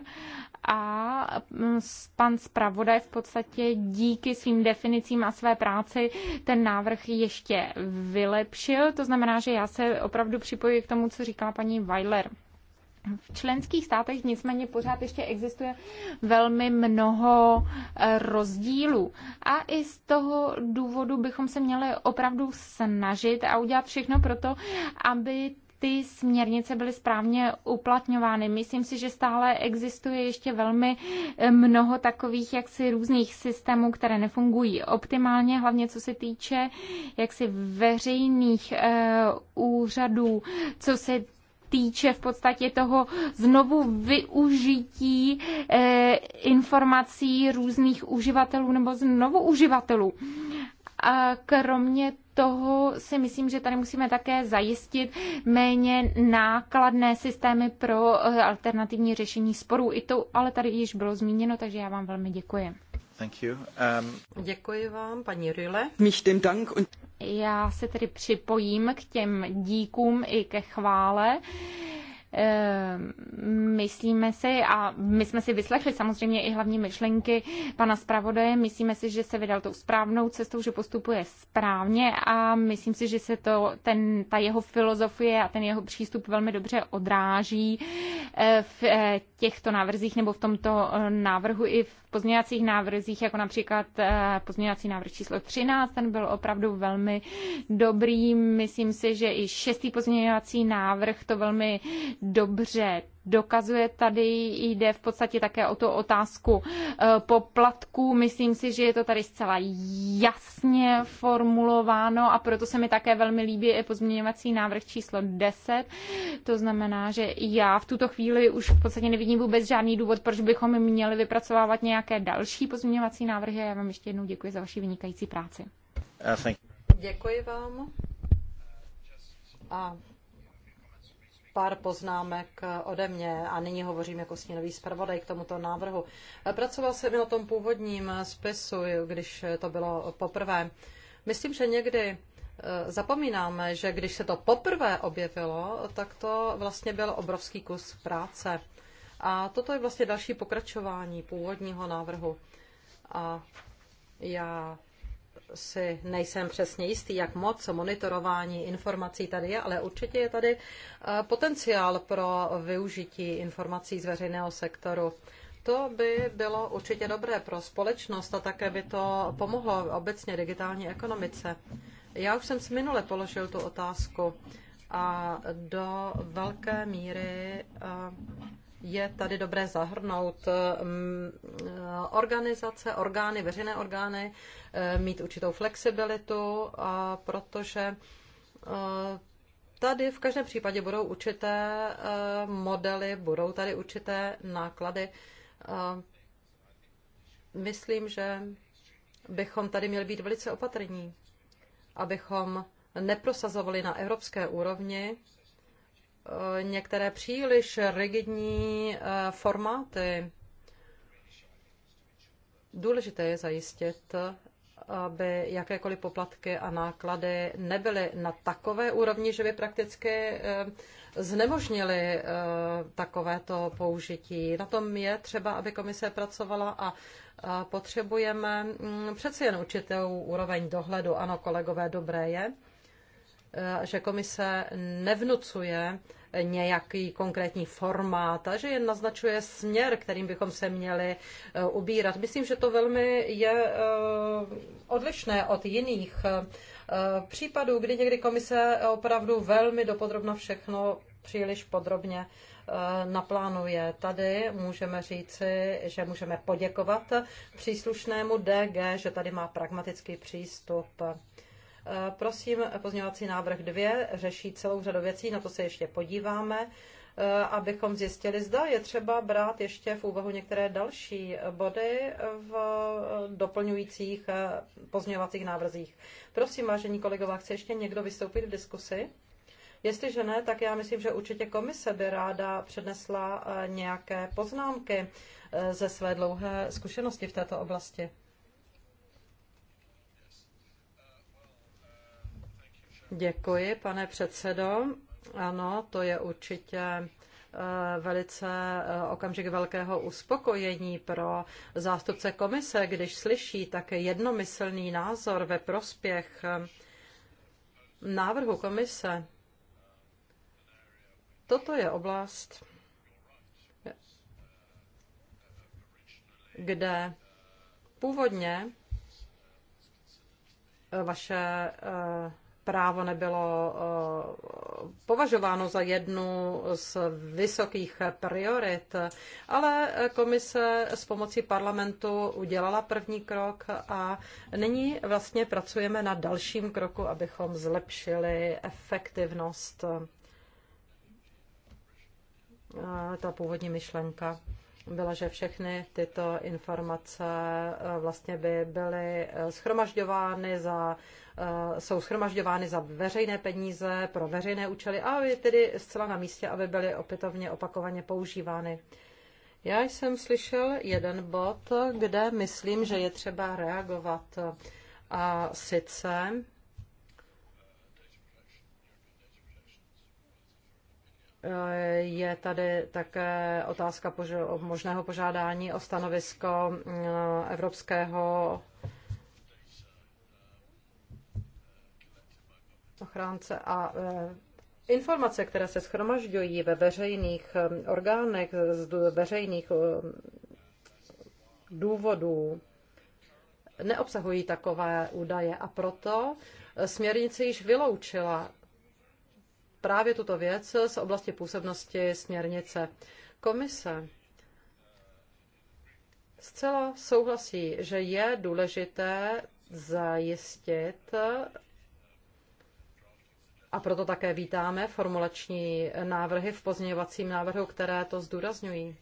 A mm, pan zpravodaj v podstatě díky svým definicím a své práci ten návrh ještě vylepšil. To znamená, že já se opravdu připojuji k tomu, co říkala paní Weiler. V členských státech nicméně pořád ještě existuje velmi mnoho eh, rozdílů. A i z toho důvodu bychom se měli opravdu snažit a udělat všechno pro to, aby ty směrnice byly správně uplatňovány. Myslím si, že stále existuje ještě velmi eh, mnoho takových jaksi různých systémů, které nefungují optimálně, hlavně co se týče jaksi veřejných e, úřadů, co se týče v podstatě toho znovu využití e, informací různých uživatelů nebo znovu uživatelů. A kromě toho si myslím, že tady musíme také zajistit méně nákladné systémy pro eh, alternativní řešení sporů. I to ale tady již bylo zmíněno, takže já vám velmi děkuji. Thank you. Um... Děkuji vám, paní Rüle. Mich dem Dank und... Já se tedy připojím k těm díkům i ke chvále. Ehm, myslíme si, a my jsme si vyslechli samozřejmě i hlavní myšlenky pana zpravodaje, myslíme si, že se vydal tou správnou cestou, že postupuje správně a myslím si, že se to, ten, ta jeho filozofie a ten jeho přístup velmi dobře odráží eh, v eh, těchto návrzích nebo v tomto eh, návrhu i v pozměňovacích návrzích, jako například pozměňovací návrh číslo 13, ten byl opravdu velmi dobrý. Myslím si, že i šestý pozměňovací návrh to velmi dobře dokazuje. Tady jde v podstatě také o tu otázku eh, poplatků. Myslím si, že je to tady zcela jasně formulováno a proto se mi také velmi líbí i pozměňovací návrh číslo 10. To znamená, že já v tuto chvíli už v podstatě nevidím vůbec žádný důvod, proč bychom měli vypracovávat nějaké další pozměňovací návrhy. Já vám ještě jednou děkuji za vaši vynikající práci. Uh, děkuji vám. A pár poznámek ode mě a nyní hovořím jako stínový zpravodaj k tomuto návrhu. Pracoval jsem i na tom původním spisu, když to bylo poprvé. Myslím, že někdy eh, zapomínáme, že když se to poprvé objevilo, tak to vlastně byl obrovský kus práce. A toto je vlastně další pokračování původního návrhu. A já si nejsem přesně jistý, jak moc monitorování informací tady je, ale určitě je tady eh, potenciál pro využití informací z veřejného sektoru. To by bylo určitě dobré pro společnost a také by to pomohlo obecně digitální ekonomice. Já už jsem si minule položil tu otázku a do velké míry eh, je tady dobré zahrnout mm, eh, organizace, orgány, veřejné orgány, eh, mít určitou flexibilitu, protože eh, tady v každém případě budou určité modely, budou tady určité náklady. Myslím, že bychom tady měli být velice opatrní, abychom neprosazovali na evropské úrovni Eh, některé příliš rigidní eh, formáty. Důležité je zajistit, aby jakékoliv poplatky a náklady nebyly na takové úrovni, že by prakticky eh, znemožnili takovéto použití. Na tom je třeba, aby komise pracovala a potřebujeme mm, přeci jen určitou úroveň dohledu. Ano, kolegové, dobré je, Eh, že komise nevnucuje nějaký konkrétní formát a že jen naznačuje směr, kterým bychom se měli eh, ubírat. Myslím, že to velmi je eh, odlišné od jiných případů, kdy někdy komise opravdu velmi dopodrobno všechno příliš podrobně naplánuje. Tady můžeme říci, že můžeme poděkovat příslušnému DG, že tady má pragmatický přístup. Eh, prosím, pozměňovací návrh 2 řeší celou řadu věcí, na to se ještě podíváme, eh, abychom zjistili, zda je třeba brát ještě v úvahu některé další body v doplňujících eh, pozměňovacích návrzích. Prosím, vážení kolegové, chce ještě někdo vystoupit v diskusi? Jestliže ne, tak já myslím, že určitě komise by ráda přednesla nějaké poznámky ze své dlouhé zkušenosti v této oblasti. Děkuji, pane předsedo. Ano, to je určitě eh, velice eh, okamžik velkého uspokojení pro zástupce komise, když slyší tak jednomyslný názor ve prospěch eh, návrhu komise. Toto je oblast, kde původně vaše právo nebylo eh, považováno za jednu z vysokých priorit, ale komise s pomocí parlamentu udělala první krok a nyní vlastně pracujeme na dalším kroku, abychom zlepšili efektivnost. Eh, ta původní myšlenka byla, že všechny tyto informace eh, vlastně by byly schromažďovány za Eh, jsou schromažďovány za veřejné peníze, pro veřejné účely a je tedy zcela na místě, aby byly opětovně opakovaně používány. Já jsem slyšel jeden bod, kde myslím, že je třeba reagovat. A sice eh, je tady také otázka možného požádání o stanovisko eh, Evropského ochránce a e, informace, které se schromažďují ve veřejných e, orgánech, z veřejných e, důvodů, neobsahují takové údaje a proto směrnice již vyloučila právě tuto věc z oblasti působnosti směrnice. Komise zcela souhlasí, že je důležité zajistit a proto také vítáme formulační návrhy v pozměňovacím návrhu, které to zdůrazňují.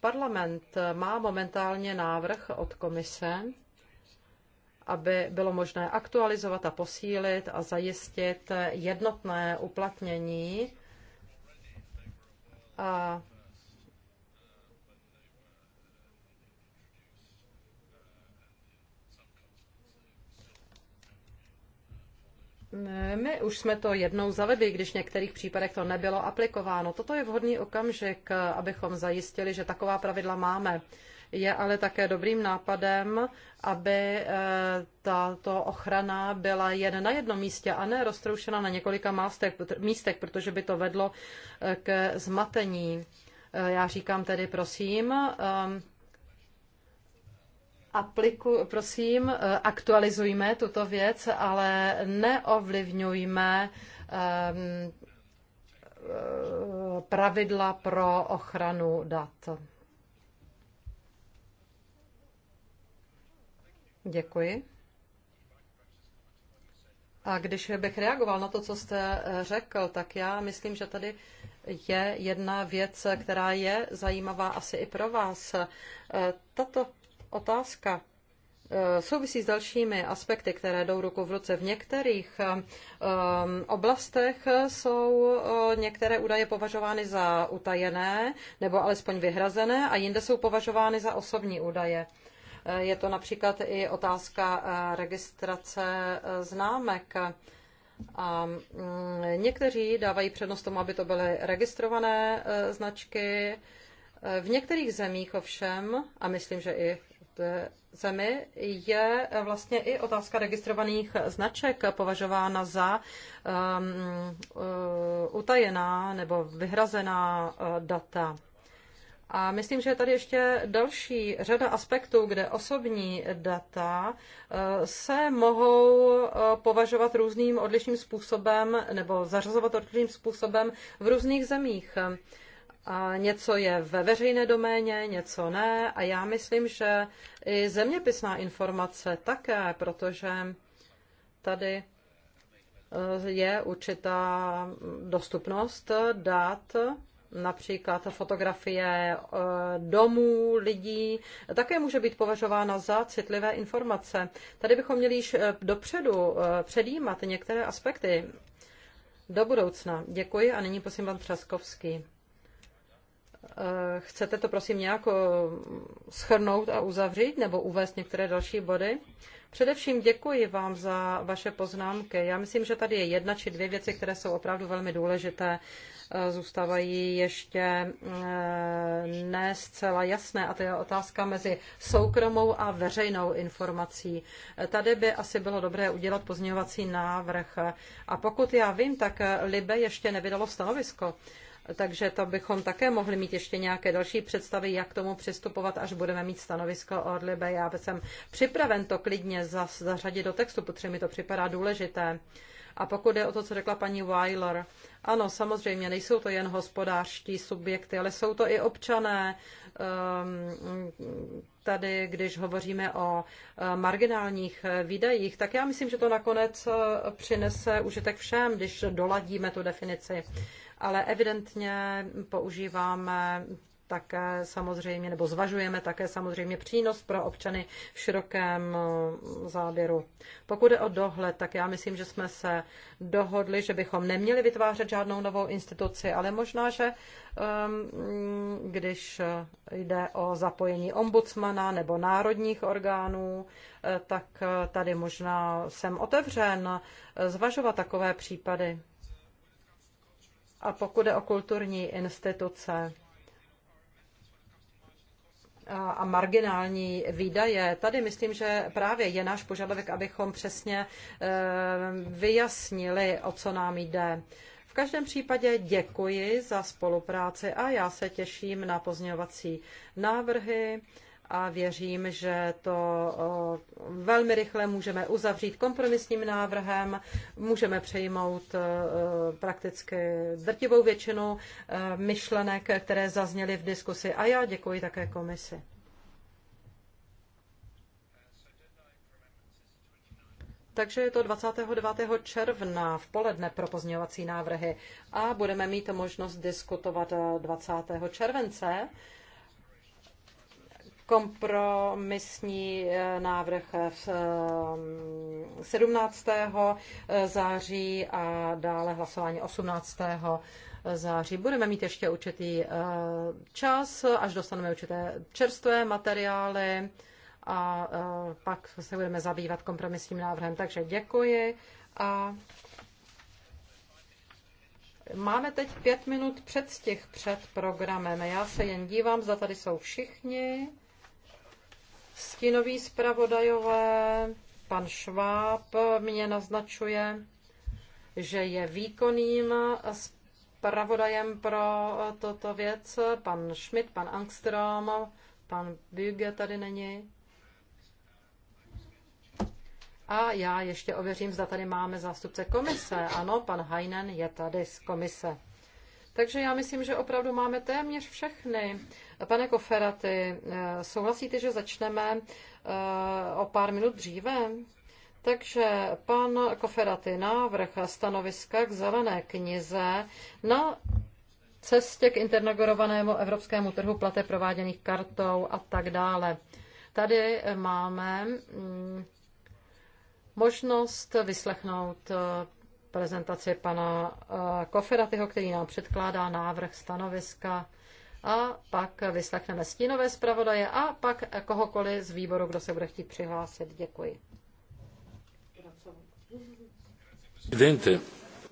Parlament má momentálně návrh od komise, aby bylo možné aktualizovat a posílit a zajistit jednotné uplatnění a My už jsme to jednou zavedli, když v některých případech to nebylo aplikováno. Toto je vhodný okamžik, abychom zajistili, že taková pravidla máme. Je ale také dobrým nápadem, aby eh, tato ochrana byla jen na jednom místě a ne roztroušena na několika místech, protože by to vedlo eh, k zmatení. Eh, já říkám tedy, prosím, apliku, prosím, eh, aktualizujme tuto věc, ale neovlivňujme ehm, eh, pravidla pro ochranu dat. Děkuji. A když bych reagoval na to, co jste eh, řekl, tak já myslím, že tady je jedna věc, která je zajímavá asi i pro vás. Tato otázka e, souvisí s dalšími aspekty, které jdou ruku v ruce. V některých e, e, oblastech jsou některé údaje považovány za utajené nebo alespoň vyhrazené a jinde jsou považovány za osobní údaje. Je to například i otázka registrace známek. A mm, někteří dávají přednost tomu, aby to byly registrované značky. V některých zemích ovšem, a myslím, že i Eh, zemi je eh, vlastně i otázka registrovaných značek považována za um, uh, utajená nebo vyhrazená data. A myslím, že je tady ještě další řada aspektů, kde osobní data se mohou považovat různým odlišným způsobem nebo zařazovat odlišným způsobem v různých zemích. A něco je ve veřejné doméně, něco ne. A já myslím, že i zeměpisná informace také, protože tady eh, je určitá dostupnost dát například fotografie eh, domů, lidí, také může být považována za citlivé informace. Tady bychom měli již eh, dopředu předjímat některé aspekty do budoucna. Děkuji a nyní prosím pan Třaskovský. Eh, chcete to prosím nějak eh, schrnout a uzavřít nebo uvést některé další body? Především děkuji vám za vaše poznámky. Já myslím, že tady je jedna či dvě věci, které jsou opravdu velmi důležité, eh, zůstávají ještě ne zcela jasné, a to je otázka mezi soukromou a veřejnou informací. Tady by asi bylo dobré udělat pozměňovací návrh. A pokud já vím, tak Libe ještě nevydalo stanovisko. Takže to bychom také mohli mít ještě nějaké další představy, jak k tomu přistupovat, až budeme mít stanovisko od Libe. Já jsem připraven to klidně zařadit do textu, protože mi to připadá důležité. A pokud je o to, co řekla paní Weiler, ano, samozřejmě, nejsou to jen hospodářští subjekty, ale jsou to i občané. Ehm, tady, když hovoříme o eh, marginálních eh, výdajích, tak já myslím, že to nakonec eh, přinese užitek všem, když doladíme tu definici ale evidentně používáme také samozřejmě, nebo zvažujeme také samozřejmě přínos pro občany v širokém eh, záběru. Pokud je o dohled, tak já myslím, že jsme se dohodli, že bychom neměli vytvářet žádnou novou instituci, ale možná, že ehm, když jde o zapojení ombudsmana nebo národních orgánů, eh, tak eh, tady možná jsem otevřen zvažovat takové případy. A pokud je o kulturní instituce a marginální výdaje, tady myslím, že právě je náš požadavek, abychom přesně eh, vyjasnili, o co nám jde. V každém případě děkuji za spolupráci a já se těším na pozměňovací návrhy a věřím, že to velmi rychle můžeme uzavřít kompromisním návrhem, můžeme přejmout prakticky drtivou většinu myšlenek, které zazněly v diskusi a já děkuji také komisi. Takže je to 29. června v poledne pro pozměňovací návrhy a budeme mít možnost diskutovat 20. července kompromisní eh, návrh 17. Eh, eh, září a dále hlasování 18. září. Budeme mít ještě určitý čas, až dostaneme určité čerstvé materiály a pak se budeme zabývat kompromisním návrhem. Takže děkuji a Máme teď pět minut před těch před programem. Já se jen dívám, zda tady jsou všichni. Stínoví zpravodajové, pan Šváb mě naznačuje, že je výkonným zpravodajem pro toto věc. Pan Schmidt, pan Angstrom, pan Büge tady není. A já ještě ověřím, zda tady máme zástupce komise. Ano, pan Heinen je tady z komise. Takže já myslím, že opravdu máme téměř všechny. Pane Koferaty, eh, souhlasíte, že začneme eh, o pár minut dříve? Takže pan Koferaty, návrh stanoviska k zelené knize na cestě k internagorovanému evropskému trhu plate prováděných kartou a tak dále. Tady máme mm, možnost vyslechnout eh, prezentaci pana Koferatyho, který nám předkládá návrh stanoviska a pak vyslechneme stínové zpravodaje a pak kohokoliv z výboru, kdo se bude chtít přihlásit. Děkuji.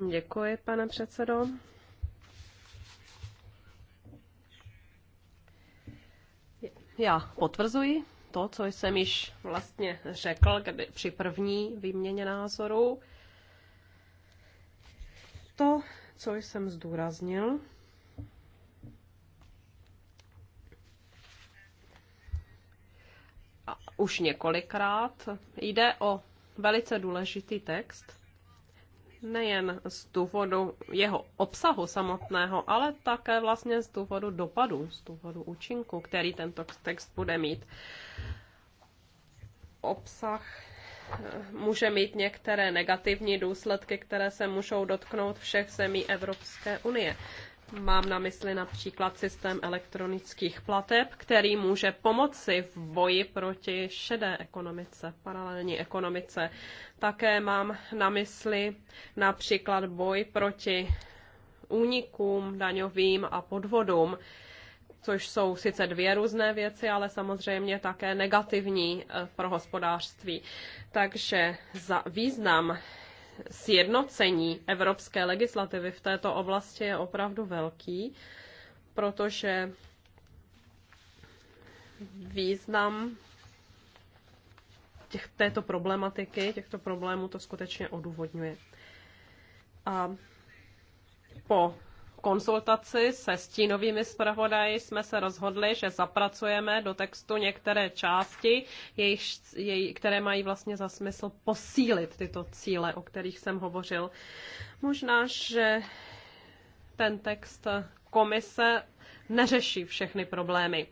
Děkuji, pane předsedo. Já potvrzuji to, co jsem již vlastně řekl kdy, při první výměně názoru. To, co jsem zdůraznil, už několikrát. Jde o velice důležitý text, nejen z důvodu jeho obsahu samotného, ale také vlastně z důvodu dopadu, z důvodu účinku, který tento text bude mít. Obsah eh, může mít některé negativní důsledky, které se můžou dotknout všech zemí Evropské unie. Mám na mysli například systém elektronických plateb, který může pomoci v boji proti šedé ekonomice, paralelní ekonomice. Také mám na mysli například boj proti únikům daňovým a podvodům, což jsou sice dvě různé věci, ale samozřejmě také negativní eh, pro hospodářství. Takže za význam sjednocení evropské legislativy v této oblasti je opravdu velký, protože význam těch, této problematiky, těchto problémů to skutečně odůvodňuje. A po konzultaci se stínovými zpravodaji jsme se rozhodli, že zapracujeme do textu některé části, jejich, jej, které mají vlastně za smysl posílit tyto cíle, o kterých jsem hovořil. Možná, že ten text komise neřeší všechny problémy.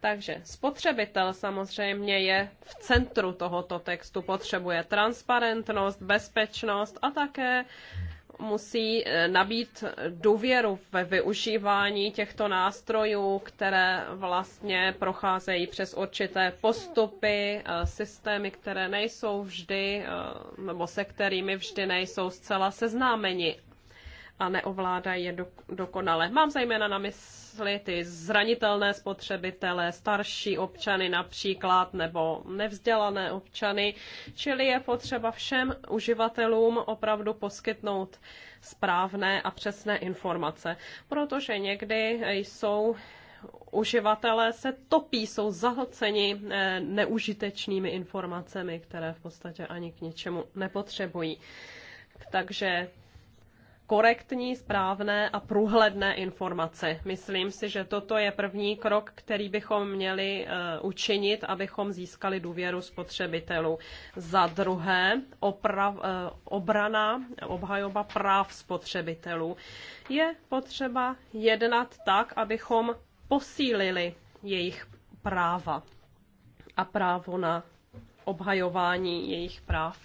Takže spotřebitel samozřejmě je v centru tohoto textu. Potřebuje transparentnost, bezpečnost a také musí eh, nabít důvěru ve využívání těchto nástrojů, které vlastně procházejí přes určité postupy, eh, systémy, které nejsou vždy, eh, nebo se kterými vždy nejsou zcela seznámeni a neovládají je dokonale. Mám zejména na mysli mysli ty zranitelné spotřebitele, starší občany například, nebo nevzdělané občany, čili je potřeba všem uživatelům opravdu poskytnout správné a přesné informace, protože někdy jsou uživatelé se topí, jsou zahlceni eh, neužitečnými informacemi, které v podstatě ani k ničemu nepotřebují. Takže korektní, správné a průhledné informace. Myslím si, že toto je první krok, který bychom měli eh, učinit, abychom získali důvěru spotřebitelů. Za druhé, oprav, eh, obrana, obhajoba práv spotřebitelů. Je potřeba jednat tak, abychom posílili jejich práva a právo na obhajování jejich práv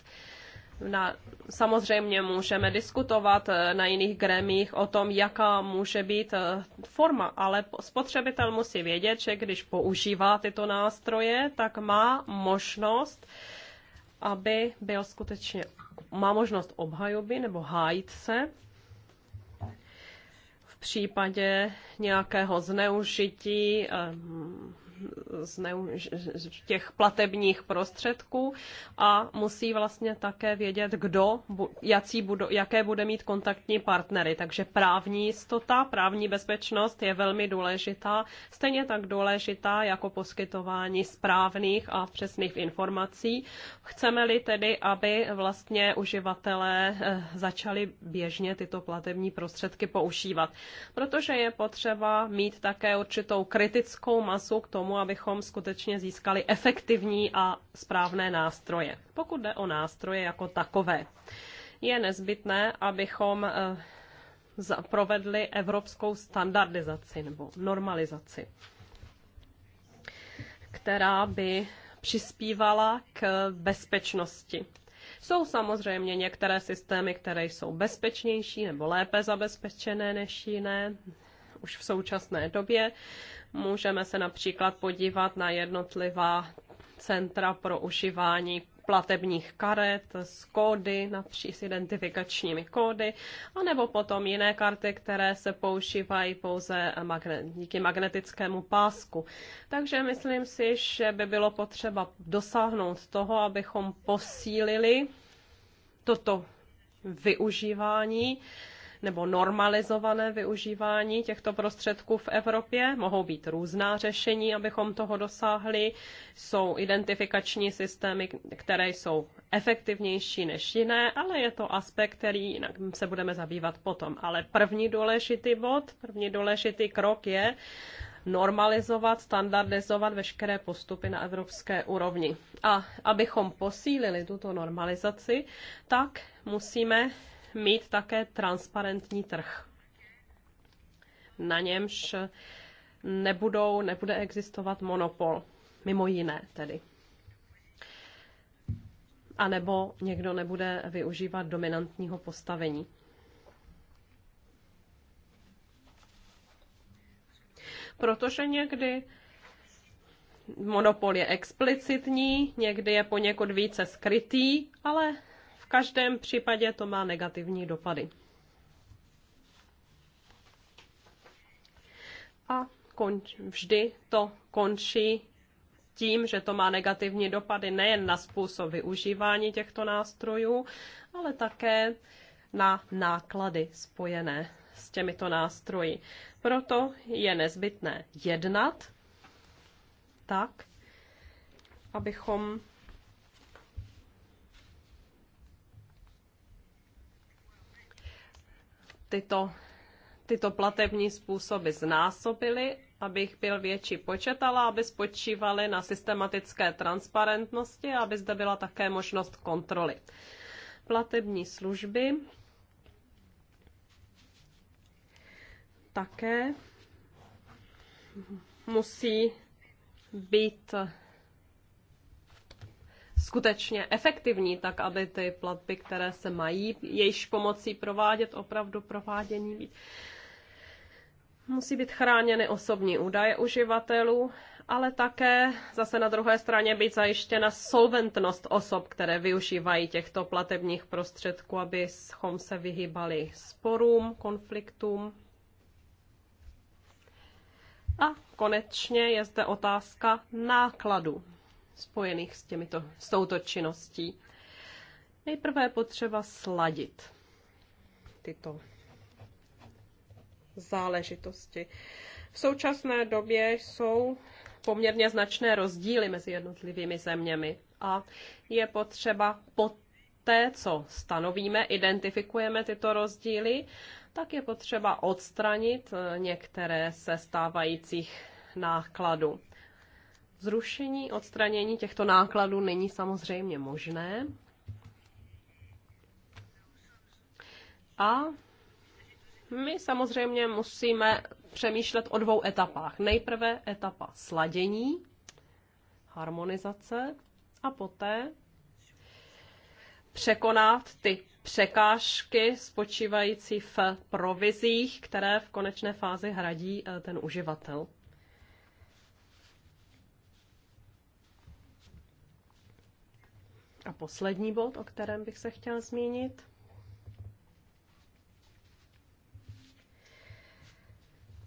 na, samozřejmě můžeme diskutovat eh, na jiných gremích o tom, jaká může být eh, forma, ale spotřebitel musí vědět, že když používá tyto nástroje, tak má možnost, aby byl skutečně, má možnost obhajoby nebo hájit se v případě nějakého zneužití, ehm, z těch platebních prostředků a musí vlastně také vědět, kdo, jaký budu, jaké bude mít kontaktní partnery. Takže právní jistota, právní bezpečnost je velmi důležitá, stejně tak důležitá jako poskytování správných a přesných informací. Chceme-li tedy, aby vlastně uživatelé eh, začali běžně tyto platební prostředky používat, protože je potřeba mít také určitou kritickou masu k tomu, tomu, abychom skutečně získali efektivní a správné nástroje. Pokud jde o nástroje jako takové, je nezbytné, abychom eh, provedli evropskou standardizaci nebo normalizaci, která by přispívala k bezpečnosti. Jsou samozřejmě některé systémy, které jsou bezpečnější nebo lépe zabezpečené než jiné už v současné době. Můžeme se například podívat na jednotlivá centra pro užívání platebních karet s kódy, například s identifikačními kódy, anebo potom jiné karty, které se používají pouze magne- díky magnetickému pásku. Takže myslím si, že by bylo potřeba dosáhnout toho, abychom posílili toto využívání nebo normalizované využívání těchto prostředků v Evropě. Mohou být různá řešení, abychom toho dosáhli. Jsou identifikační systémy, které jsou efektivnější než jiné, ale je to aspekt, který se budeme zabývat potom. Ale první důležitý bod, první důležitý krok je, normalizovat, standardizovat veškeré postupy na evropské úrovni. A abychom posílili tuto normalizaci, tak musíme mít také transparentní trh. Na němž nebudou, nebude existovat monopol, mimo jiné tedy. A nebo někdo nebude využívat dominantního postavení. Protože někdy monopol je explicitní, někdy je poněkud více skrytý, ale každém případě to má negativní dopady. A konč, vždy to končí tím, že to má negativní dopady nejen na způsob využívání těchto nástrojů, ale také na náklady spojené s těmito nástroji. Proto je nezbytné jednat tak, abychom tyto, tyto platební způsoby znásobily, abych byl větší počet, ale aby spočívaly na systematické transparentnosti, aby zde byla také možnost kontroly. Platební služby také musí být skutečně efektivní, tak aby ty platby, které se mají, jejíž pomocí provádět opravdu provádění Musí být chráněny osobní údaje uživatelů, ale také zase na druhé straně být zajištěna solventnost osob, které využívají těchto platebních prostředků, aby schom se vyhýbali sporům, konfliktům. A konečně je zde otázka nákladu spojených s, těmito, s touto činností. Nejprve je potřeba sladit tyto záležitosti. V současné době jsou poměrně značné rozdíly mezi jednotlivými zeměmi a je potřeba po té, co stanovíme, identifikujeme tyto rozdíly, tak je potřeba odstranit eh, některé se stávajících nákladů. Zrušení, odstranění těchto nákladů není samozřejmě možné. A my samozřejmě musíme přemýšlet o dvou etapách. Nejprve etapa sladění, harmonizace a poté překonat ty překážky spočívající v provizích, které v konečné fázi hradí eh, ten uživatel. A poslední bod, o kterém bych se chtěl zmínit,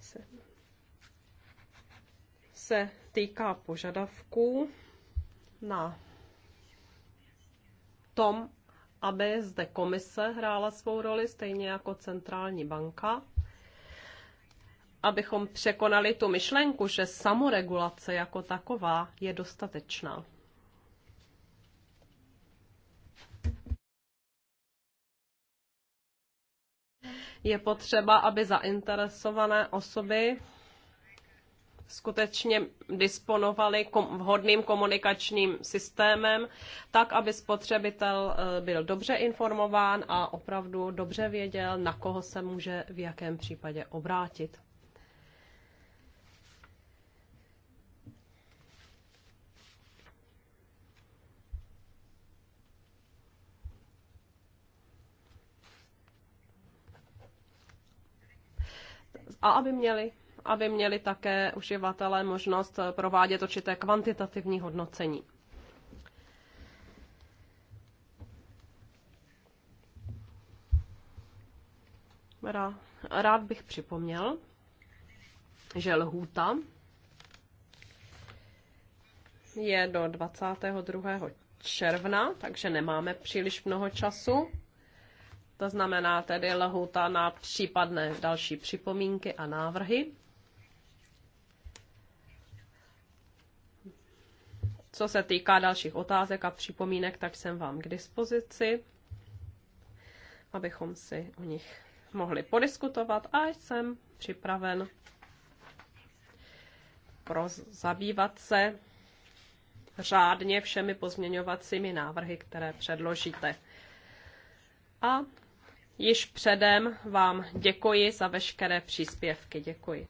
se, se týká požadavků na tom, aby zde komise hrála svou roli, stejně jako centrální banka, abychom překonali tu myšlenku, že samoregulace jako taková je dostatečná. Je potřeba, aby zainteresované osoby skutečně disponovali kom- vhodným komunikačním systémem, tak aby spotřebitel eh, byl dobře informován a opravdu dobře věděl, na koho se může v jakém případě obrátit. a aby měli aby měli také uživatelé možnost provádět určité kvantitativní hodnocení. Rád bych připomněl, že lhůta je do 22. června, takže nemáme příliš mnoho času. To znamená tedy lhůta na případné další připomínky a návrhy. Co se týká dalších otázek a připomínek, tak jsem vám k dispozici, abychom si o nich mohli podiskutovat a jsem připraven pro zabývat se řádně všemi pozměňovacími návrhy, které předložíte. A Již předem vám děkuji za veškeré příspěvky. Děkuji.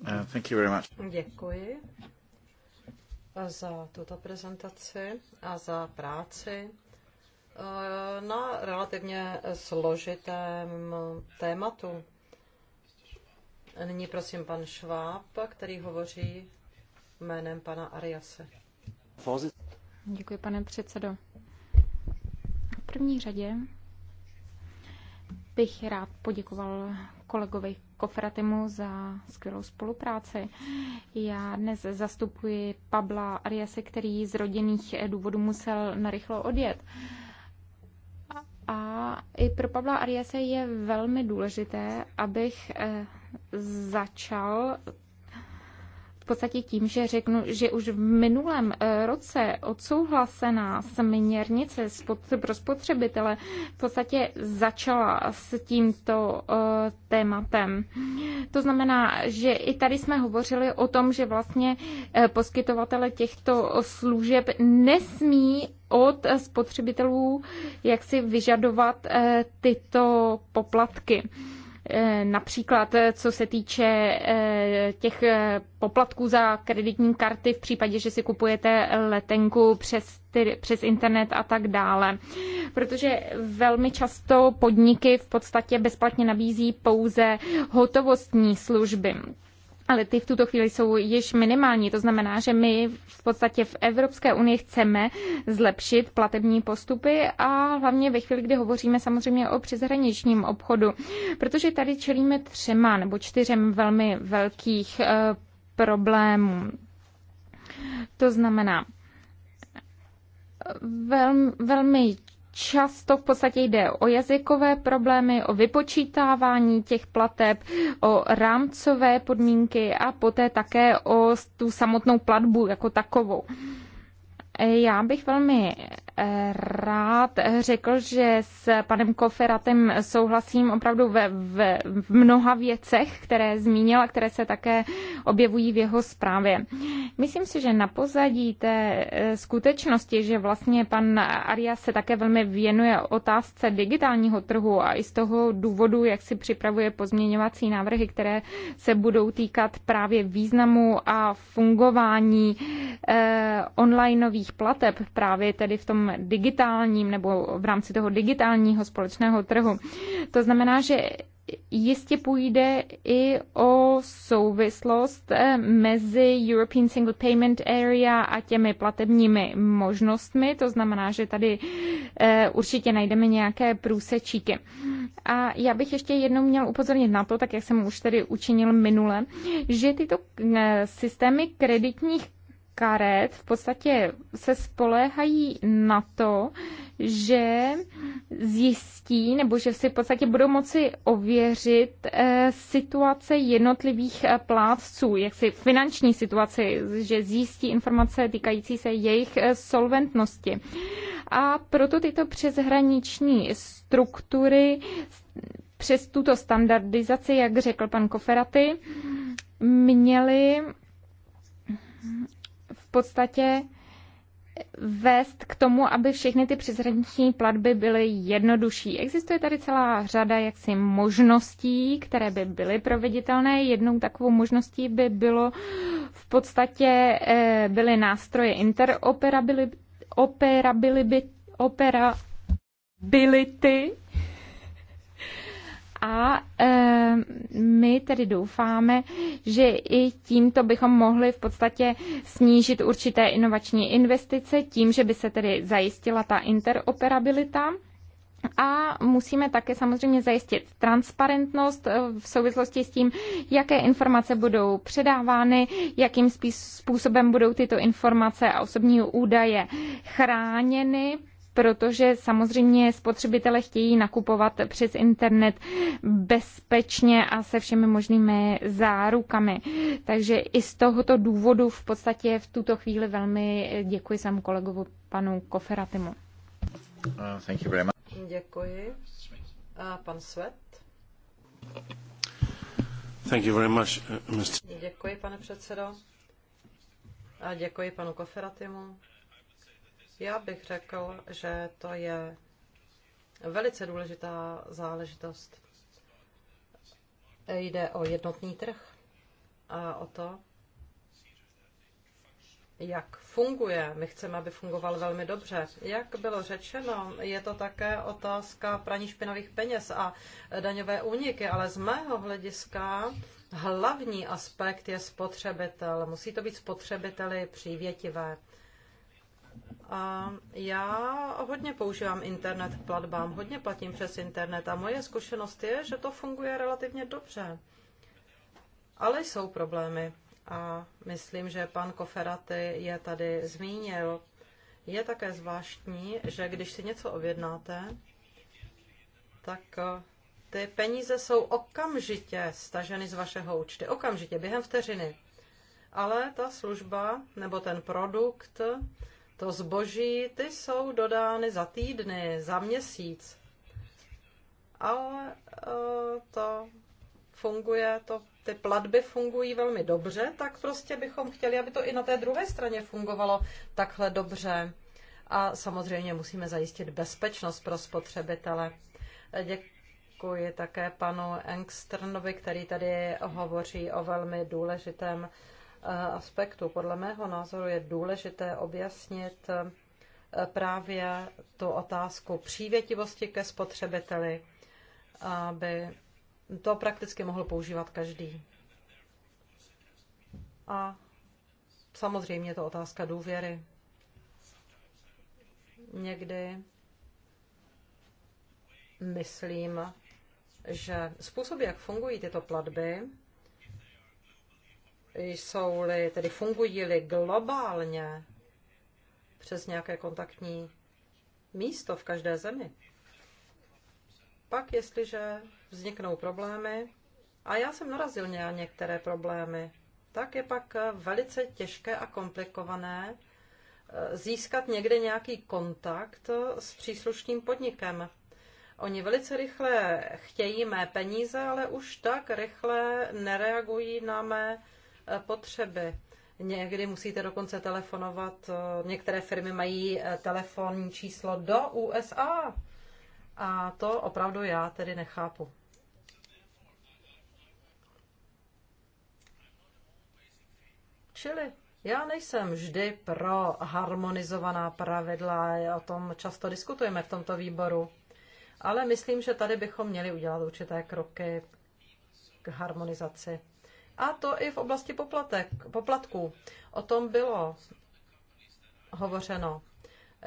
Uh, thank you very much. Děkuji za tuto prezentaci a za práci uh, na relativně složitém tématu. Nyní prosím pan Šváb, který hovoří jménem pana Ariase. Děkuji, pane předsedo. V první řadě bych rád poděkoval kolegovi Kofratimu za skvělou spolupráci. Já dnes zastupuji Pabla Ariase, který z rodinných důvodů musel narychlo odjet. A i pro Pabla Ariase je velmi důležité, abych eh, začal v podstatě tím, že řeknu, že už v minulém eh, roce odsouhlasená směrnice pro spotřebitele v podstatě začala s tímto eh, tématem. To znamená, že i tady jsme hovořili o tom, že vlastně eh, poskytovatele těchto služeb nesmí od spotřebitelů jak si vyžadovat tyto poplatky. Eh, například eh, co se týče eh, těch poplatků za kreditní karty v případě, že si kupujete letenku přes, ty, přes internet a tak dále. Protože velmi často podniky v podstatě bezplatně nabízí pouze hotovostní služby ale ty v tuto chvíli jsou již minimální. To znamená, že my v podstatě v Evropské unii chceme zlepšit platební postupy a hlavně ve chvíli, kdy hovoříme samozřejmě o přeshraničním obchodu, protože tady čelíme třema nebo čtyřem velmi velkých eh, problémů. To znamená, eh, velmi často v podstatě jde o jazykové problémy, o vypočítávání těch plateb, o rámcové podmínky a poté také o tu samotnou platbu jako takovou. Já bych velmi rád řekl, že s panem Koferatem souhlasím opravdu ve, ve, v mnoha věcech, které zmínil a které se také objevují v jeho zprávě. Myslím si, že na pozadí té eh, skutečnosti, že vlastně pan Arias se také velmi věnuje otázce digitálního trhu a i z toho důvodu, jak si připravuje pozměňovací návrhy, které se budou týkat právě významu a fungování eh, onlineových plateb právě tedy v tom digitálním nebo v rámci toho digitálního společného trhu. To znamená, že jistě půjde i o souvislost eh, mezi European Single Payment Area a těmi platebními možnostmi. To znamená, že tady eh, určitě najdeme nějaké průsečíky. A já bych ještě jednou měl upozornit na to, tak jak jsem už tady učinil minule, že tyto eh, systémy kreditních karet v podstatě se spoléhají na to, že zjistí nebo že si v podstatě budou moci ověřit eh, situace jednotlivých eh, plátců, jak si finanční situaci, že zjistí informace týkající se jejich eh, solventnosti. A proto tyto přeshraniční struktury přes tuto standardizaci, jak řekl pan Koferaty, měly podstatě vést k tomu, aby všechny ty přeshraniční platby byly jednodušší. Existuje tady celá řada jaksi možností, které by byly proveditelné. Jednou takovou možností by bylo v podstatě eh, byly nástroje interoperability, operability, opera, byly opera, a e, my tedy doufáme, že i tímto bychom mohli v podstatě snížit určité inovační investice tím, že by se tedy zajistila ta interoperabilita. A musíme také samozřejmě zajistit transparentnost e, v souvislosti s tím, jaké informace budou předávány, jakým způsobem budou tyto informace a osobní údaje chráněny protože samozřejmě spotřebitele chtějí nakupovat přes internet bezpečně a se všemi možnými zárukami. Takže i z tohoto důvodu v podstatě v tuto chvíli velmi děkuji svému kolegovu panu Koferatimu. Uh, děkuji. A pan Svet? Thank you very much, uh, Mr. Děkuji, pane předsedo. A děkuji panu Koferatimu já bych řekl, že to je velice důležitá záležitost. Jde o jednotný trh a o to, jak funguje. My chceme, aby fungoval velmi dobře. Jak bylo řečeno, je to také otázka praní špinavých peněz a daňové úniky, ale z mého hlediska hlavní aspekt je spotřebitel. Musí to být spotřebiteli přívětivé. A já hodně používám internet k platbám, hodně platím přes internet a moje zkušenost je, že to funguje relativně dobře. Ale jsou problémy a myslím, že pan Koferaty je tady zmínil. Je také zvláštní, že když si něco objednáte, tak eh, ty peníze jsou okamžitě staženy z vašeho účty. Okamžitě, během vteřiny. Ale ta služba nebo ten produkt to zboží, ty jsou dodány za týdny, za měsíc. Ale e, to funguje, to, ty platby fungují velmi dobře, tak prostě bychom chtěli, aby to i na té druhé straně fungovalo takhle dobře. A samozřejmě musíme zajistit bezpečnost pro spotřebitele. Děkuji také panu Engstrnovi, který tady hovoří o velmi důležitém aspektu. Podle mého názoru je důležité objasnit eh, právě tu otázku přívětivosti ke spotřebiteli, aby to prakticky mohl používat každý. A samozřejmě je to otázka důvěry. Někdy myslím, že způsob, jak fungují tyto platby, jsou-li, tedy fungují-li globálně přes nějaké kontaktní místo v každé zemi, pak jestliže vzniknou problémy, a já jsem narazil na některé problémy, tak je pak velice těžké a komplikované eh, získat někde nějaký kontakt s příslušným podnikem. Oni velice rychle chtějí mé peníze, ale už tak rychle nereagují na mé Eh, potřeby. Někdy musíte dokonce telefonovat, eh, některé firmy mají eh, telefonní číslo do USA. A to opravdu já tedy nechápu. Čili já nejsem vždy pro harmonizovaná pravidla, o tom často diskutujeme v tomto výboru, ale myslím, že tady bychom měli udělat určité kroky k harmonizaci. A to i v oblasti poplatek, poplatků. O tom bylo hovořeno.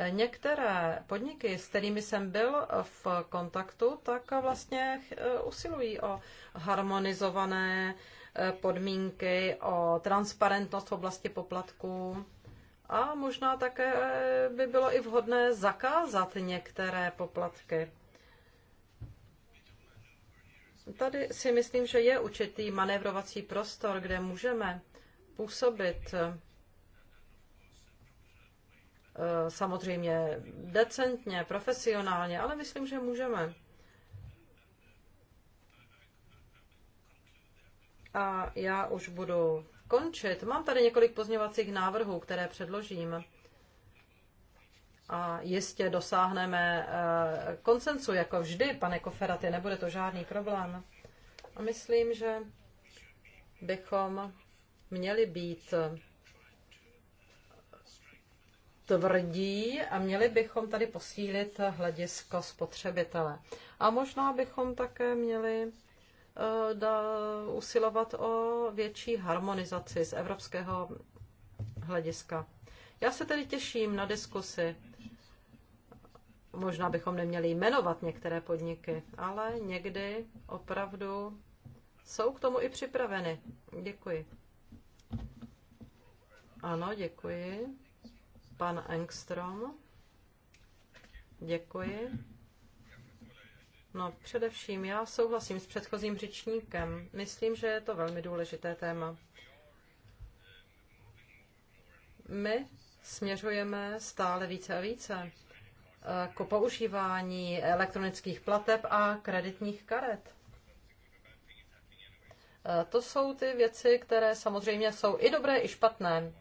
Některé podniky, s kterými jsem byl v kontaktu, tak vlastně usilují o harmonizované eh, podmínky, o transparentnost v oblasti poplatků. A možná také eh, by bylo i vhodné zakázat některé poplatky. Tady si myslím, že je určitý manévrovací prostor, kde můžeme působit eh, samozřejmě decentně, profesionálně, ale myslím, že můžeme. A já už budu končit. Mám tady několik pozměvacích návrhů, které předložím a jistě dosáhneme eh, koncensu, jako vždy, pane Koferaty, nebude to žádný problém. A myslím, že bychom měli být tvrdí a měli bychom tady posílit hledisko spotřebitele. A možná bychom také měli eh, da, usilovat o větší harmonizaci z evropského hlediska. Já se tedy těším na diskusi Možná bychom neměli jmenovat některé podniky, ale někdy opravdu jsou k tomu i připraveny. Děkuji. Ano, děkuji. Pan Engstrom. Děkuji. No, především já souhlasím s předchozím řečníkem. Myslím, že je to velmi důležité téma. My směřujeme stále více a více Eh, k používání elektronických plateb a kreditních karet. Eh, to jsou ty věci, které samozřejmě jsou i dobré, i špatné.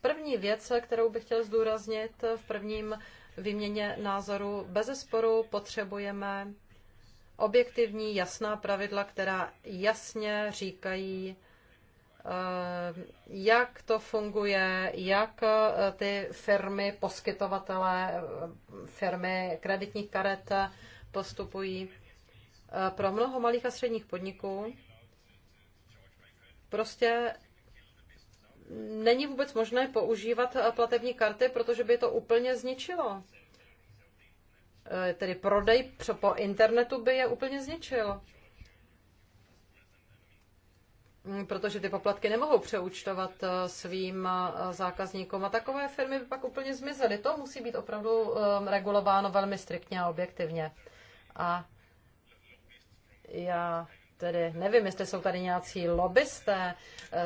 První věc, kterou bych chtěl zdůraznit v prvním výměně názoru, bez sporu potřebujeme objektivní, jasná pravidla, která jasně říkají, Eh, jak to funguje, jak eh, ty firmy, poskytovatele, eh, firmy kreditních karet postupují. Pro mnoho malých a středních podniků prostě není vůbec možné používat platební karty, protože by to úplně zničilo. Tedy prodej po internetu by je úplně zničil. Mm, protože ty poplatky nemohou přeúčtovat eh, svým eh, zákazníkům a takové firmy by pak úplně zmizely. To musí být opravdu eh, regulováno velmi striktně a objektivně. A já tedy nevím, jestli jsou tady nějací lobbysté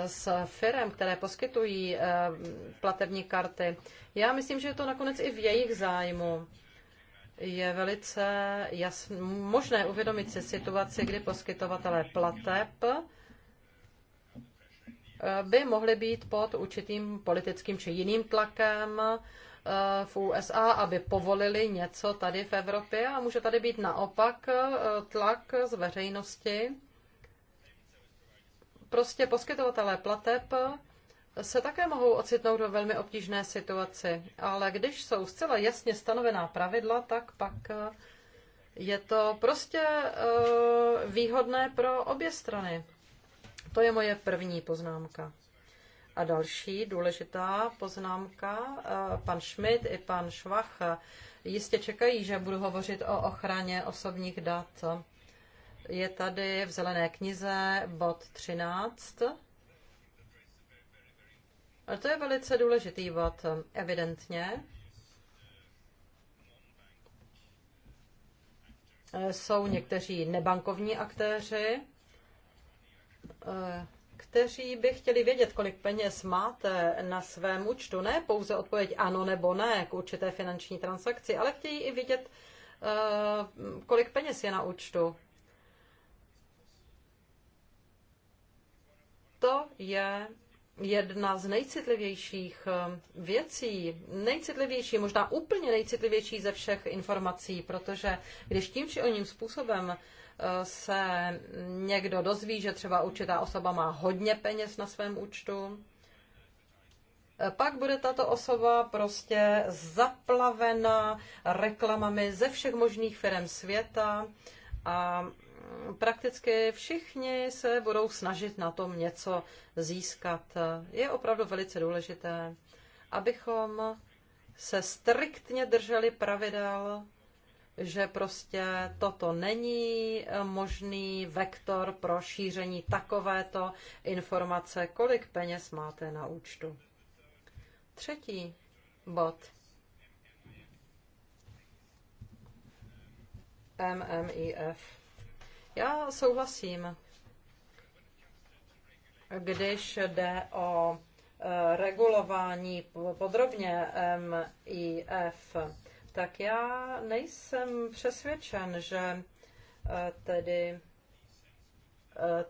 z firm, které poskytují platební karty. Já myslím, že je to nakonec i v jejich zájmu je velice jasn, možné uvědomit si situaci, kdy poskytovatelé plateb by mohly být pod určitým politickým či jiným tlakem eh, v USA, aby povolili něco tady v Evropě a může tady být naopak eh, tlak z veřejnosti. Prostě poskytovatelé plateb eh, se také mohou ocitnout do velmi obtížné situaci, ale když jsou zcela jasně stanovená pravidla, tak pak je to prostě výhodné pro obě strany. To je moje první poznámka. A další důležitá poznámka, eh, pan Schmidt i pan Švach eh, jistě čekají, že budu hovořit o ochraně osobních dat. Je tady v Zelené knize bod 13. A to je velice důležitý bod, evidentně. Eh, jsou někteří nebankovní aktéři, Eh, kteří by chtěli vědět, kolik peněz máte na svém účtu. Ne pouze odpověď ano nebo ne k určité finanční transakci, ale chtějí i vidět, eh, kolik peněz je na účtu. To je jedna z nejcitlivějších eh, věcí, nejcitlivější, možná úplně nejcitlivější ze všech informací, protože když tím či oním způsobem se někdo dozví, že třeba určitá osoba má hodně peněz na svém účtu, e, pak bude tato osoba prostě zaplavena reklamami ze všech možných firm světa a mm, prakticky všichni se budou snažit na tom něco získat. Je opravdu velice důležité, abychom se striktně drželi pravidel že prostě toto není možný vektor pro šíření takovéto informace, kolik peněz máte na účtu. Třetí bod. MMIF. Já souhlasím, když jde o eh, regulování podrobně MIF tak já nejsem přesvědčen, že eh, tedy eh,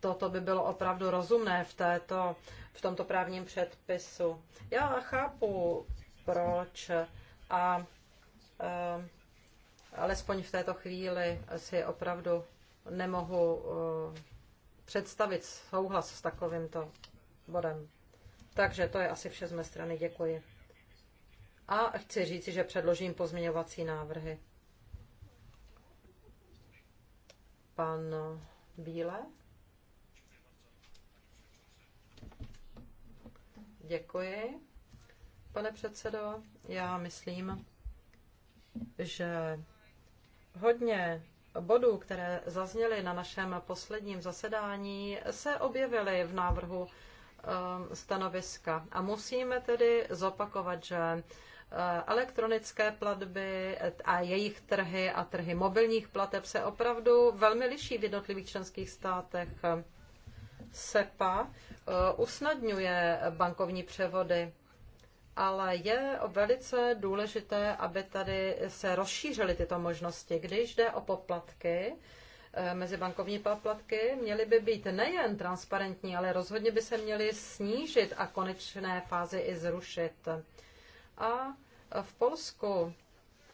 toto by bylo opravdu rozumné v, této, v tomto právním předpisu. Já chápu, proč a eh, alespoň v této chvíli si opravdu nemohu představit souhlas s takovýmto bodem. Takže to je asi vše z mé strany. Děkuji a chci říci, že předložím pozměňovací návrhy. Pan Bíle. Děkuji, pane předsedo. Já myslím, že hodně bodů, které zazněly na našem posledním zasedání, se objevily v návrhu eh, stanoviska. A musíme tedy zopakovat, že Eh, elektronické platby a jejich trhy a trhy mobilních plateb se opravdu velmi liší v jednotlivých členských státech. SEPA eh, usnadňuje bankovní převody, ale je velice důležité, aby tady se rozšířily tyto možnosti. Když jde o poplatky, eh, mezibankovní poplatky měly by být nejen transparentní, ale rozhodně by se měly snížit a konečné fázi i zrušit. A v Polsku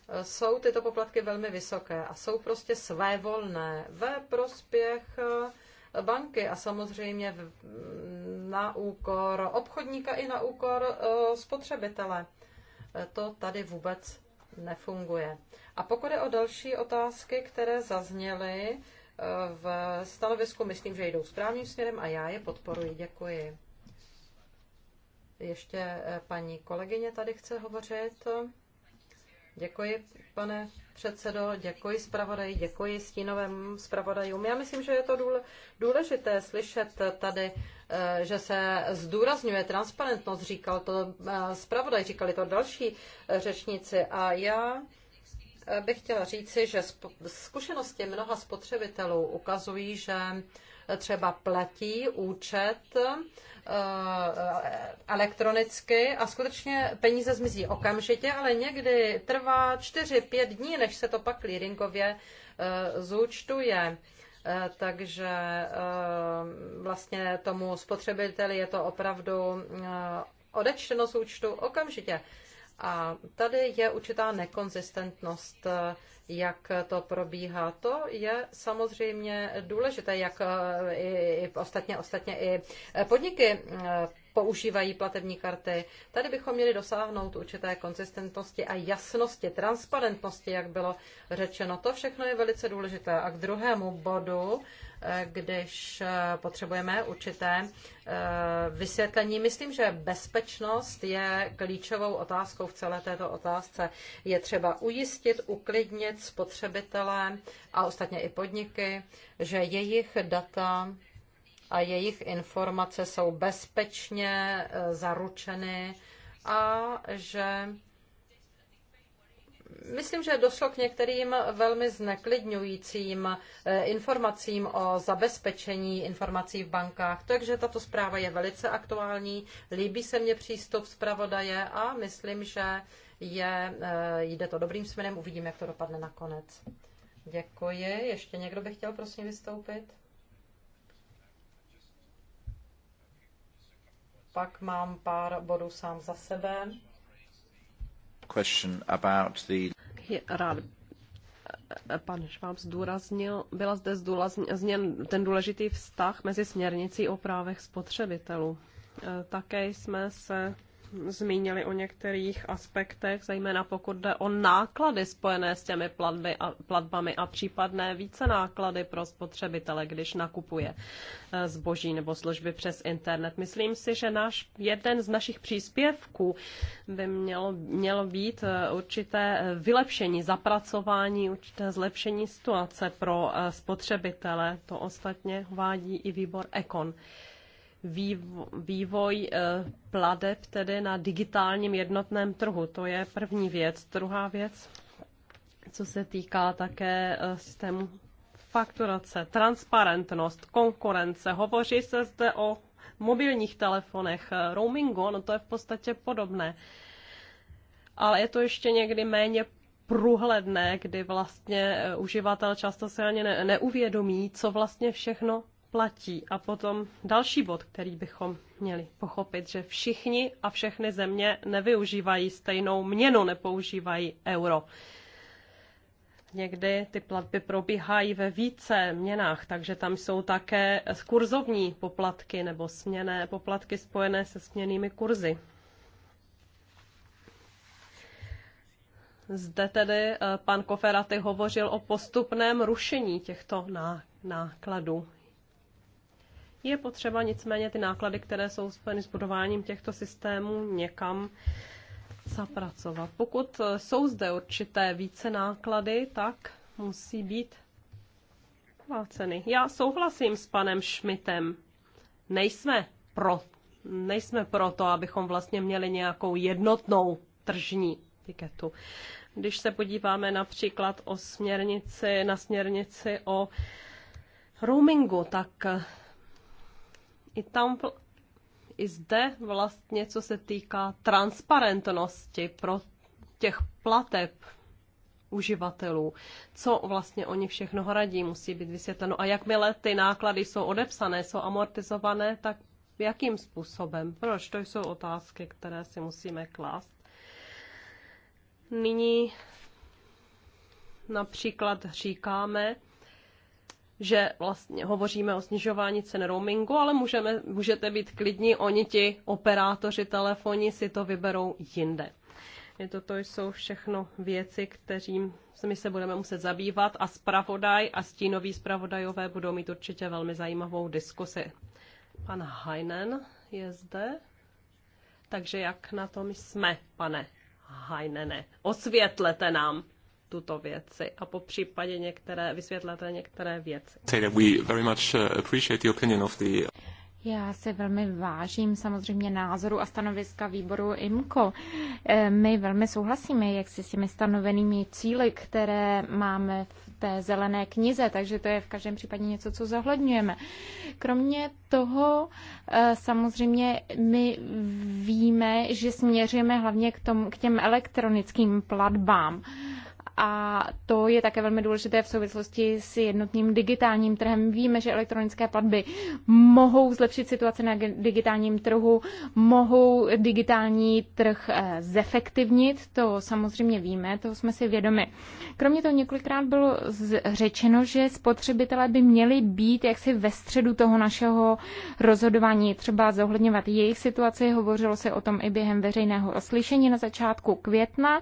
eh, jsou tyto poplatky velmi vysoké a jsou prostě svévolné ve prospěch eh, banky a samozřejmě mm, na úkor obchodníka i na úkor eh, spotřebitele. To tady vůbec nefunguje. A pokud je o další otázky, které zazněly v stanovisku, myslím, že jdou správným směrem a já je podporuji. Děkuji. Ještě eh, paní kolegyně tady chce hovořit. Děkuji, pane předsedo, děkuji zpravodaji, děkuji stínovým zpravodajům. Já myslím, že je to důležité slyšet tady, eh, že se zdůrazňuje transparentnost, říkal to eh, zpravodaj, říkali to další řečníci a já bych chtěla říci, že zkušenosti mnoha spotřebitelů ukazují, že třeba platí účet eh, elektronicky a skutečně peníze zmizí okamžitě, ale někdy trvá 4-5 dní, než se to pak clearingově eh, zúčtuje. Eh, takže vlastně tomu spotřebiteli je to opravdu odečteno z účtu okamžitě. A tady je určitá nekonzistentnost, jak to probíhá. To je samozřejmě důležité, jak eh, i ostatně, ostatně i podniky eh, používají platební karty. Tady bychom měli dosáhnout určité konzistentnosti a jasnosti, transparentnosti, jak bylo řečeno. To všechno je velice důležité. A k druhému bodu, eh, když eh, potřebujeme určité eh, vysvětlení. Myslím, že bezpečnost je klíčovou otázkou v celé této otázce. Je třeba ujistit, uklidnit spotřebitele a ostatně i podniky, že jejich data a jejich informace jsou bezpečně eh, zaručeny a že Myslím, že došlo k některým velmi zneklidňujícím eh, informacím o zabezpečení informací v bankách, takže tato zpráva je velice aktuální. Líbí se mně přístup zpravodaje a myslím, že je, eh, jde to dobrým směrem. Uvidíme, jak to dopadne nakonec. Děkuji. Ještě někdo by chtěl prosím vystoupit? Pak mám pár bodů sám za sebe. Question about the... rád pan Šváb zdůraznil, byla zde zdůrazněn ten důležitý vztah mezi směrnicí o právech spotřebitelů. E, také jsme se zmínili o některých aspektech, zejména pokud jde o náklady spojené s těmi platby a, platbami a případné více náklady pro spotřebitele, když nakupuje eh, zboží nebo služby přes internet. Myslím si, že náš, jeden z našich příspěvků by mělo, mělo být eh, určité eh, vylepšení, zapracování, určité zlepšení situace pro spotřebitele. To ostatně vádí i výbor Ekon vývoj eh, pladeb tedy na digitálním jednotném trhu. To je první věc. Druhá věc, co se týká také eh, systému fakturace, transparentnost, konkurence. Hovoří se zde o mobilních telefonech, eh, roamingu, no to je v podstatě podobné. Ale je to ještě někdy méně průhledné, kdy vlastně uživatel často se ani ne, neuvědomí, co vlastně všechno platí. A potom další bod, který bychom měli pochopit, že všichni a všechny země nevyužívají stejnou měnu, nepoužívají euro. Někdy ty platby probíhají ve více měnách, takže tam jsou také kurzovní poplatky nebo směné poplatky spojené se směnými kurzy. Zde tedy eh, pan Koferaty hovořil o postupném rušení těchto nákladů. Je potřeba nicméně ty náklady, které jsou spojeny s budováním těchto systémů, někam zapracovat. Pokud jsou zde určité více náklady, tak musí být pláceny. Já souhlasím s panem Šmitem. Nejsme pro, nejsme pro to, abychom vlastně měli nějakou jednotnou tržní etiketu. Když se podíváme například o směrnici, na směrnici o roamingu, tak i tam i zde vlastně, co se týká transparentnosti pro těch plateb uživatelů, co vlastně oni všechno hradí, musí být vysvětleno. A jakmile ty náklady jsou odepsané, jsou amortizované, tak jakým způsobem? Proč? To jsou otázky, které si musíme klást. Nyní například říkáme, že vlastně hovoříme o snižování cen roamingu, ale můžeme, můžete být klidní, oni ti operátoři telefoni si to vyberou jinde. Toto to, jsou všechno věci, kterým se my se budeme muset zabývat a zpravodaj a stínoví zpravodajové budou mít určitě velmi zajímavou diskusi. Pan Heinen je zde. Takže jak na tom jsme, pane Heinene? Osvětlete nám tuto věci a po případě některé, vysvětlete některé věci. Uh, Já si velmi vážím samozřejmě názoru a stanoviska výboru IMCO. Eh, my velmi souhlasíme, jak si s těmi stanovenými cíly, které máme v té zelené knize, takže to je v každém případě něco, co zohledňujeme. Kromě toho eh, samozřejmě my víme, že směřujeme hlavně k, tom, k těm elektronickým platbám a to je také velmi důležité v souvislosti s jednotným digitálním trhem. Víme, že elektronické platby mohou zlepšit situaci na digitálním trhu, mohou digitální trh eh, zefektivnit, to samozřejmě víme, toho jsme si vědomi. Kromě toho několikrát bylo řečeno, že spotřebitelé by měli být jaksi ve středu toho našeho rozhodování, třeba zohledňovat jejich situaci, hovořilo se o tom i během veřejného oslyšení na začátku května.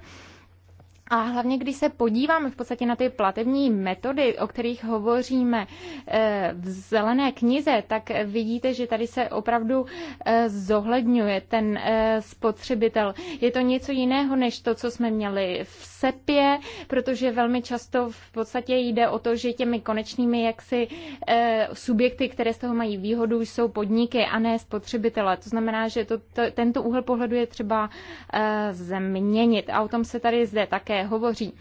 A hlavně, když se podíváme v podstatě na ty platební metody, o kterých hovoříme eh, v zelené knize, tak vidíte, že tady se opravdu eh, zohledňuje ten eh, spotřebitel. Je to něco jiného než to, co jsme měli v sepě, protože velmi často v podstatě jde o to, že těmi konečnými jaksi eh, subjekty, které z toho mají výhodu, jsou podniky a ne spotřebitele. To znamená, že to, to, tento úhel pohledu je třeba eh, změnit a o tom se tady zde také hovoří.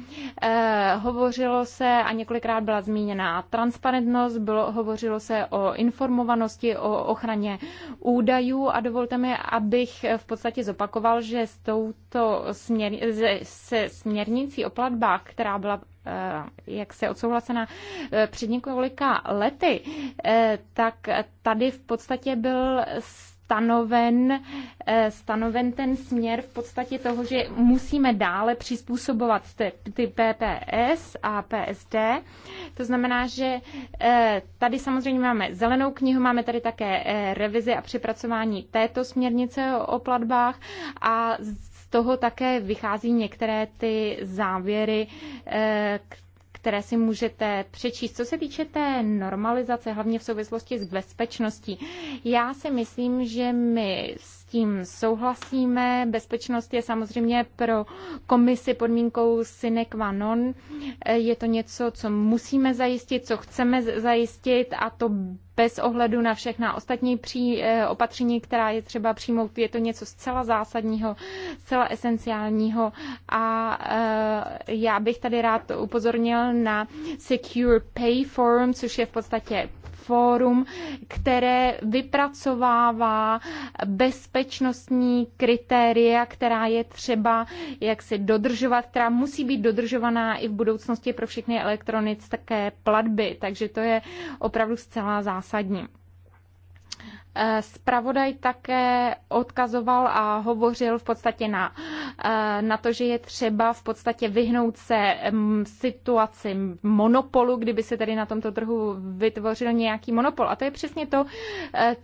Eh, hovořilo se a několikrát byla zmíněna transparentnost, bylo, hovořilo se o informovanosti, o ochraně údajů a dovolte mi, abych v podstatě zopakoval, že s touto směr, se směr směrnicí o platbách, která byla eh, jak se odsouhlasena eh, před několika lety, eh, tak tady v podstatě byl stanoven, stanoven ten směr v podstatě toho, že musíme dále přizpůsobovat ty, ty PPS a PSD. To znamená, že tady samozřejmě máme zelenou knihu, máme tady také revizi a přepracování této směrnice o platbách a toho také vychází některé ty závěry, eh, které si můžete přečíst. Co se týče té normalizace, hlavně v souvislosti s bezpečností, já si myslím, že my s tím souhlasíme. Bezpečnost je samozřejmě pro komisi podmínkou sine qua non. Eh, je to něco, co musíme zajistit, co chceme zajistit a to bez ohledu na všechna ostatní pří, eh, opatření, která je třeba přijmout. Je to něco zcela zásadního, zcela esenciálního a eh, já bych tady rád upozornil na Secure Pay Forum, což je v podstatě fórum, které vypracovává bezpečnostní kritéria, která je třeba jak si dodržovat, která musí být dodržovaná i v budoucnosti pro všechny elektronické platby. Takže to je opravdu zcela zásadní zásadní. Spravodaj eh, také odkazoval a hovořil v podstatě na, eh, na to, že je třeba v podstatě vyhnout se mm, situaci monopolu, kdyby se tedy na tomto trhu vytvořil nějaký monopol. A to je přesně to, eh,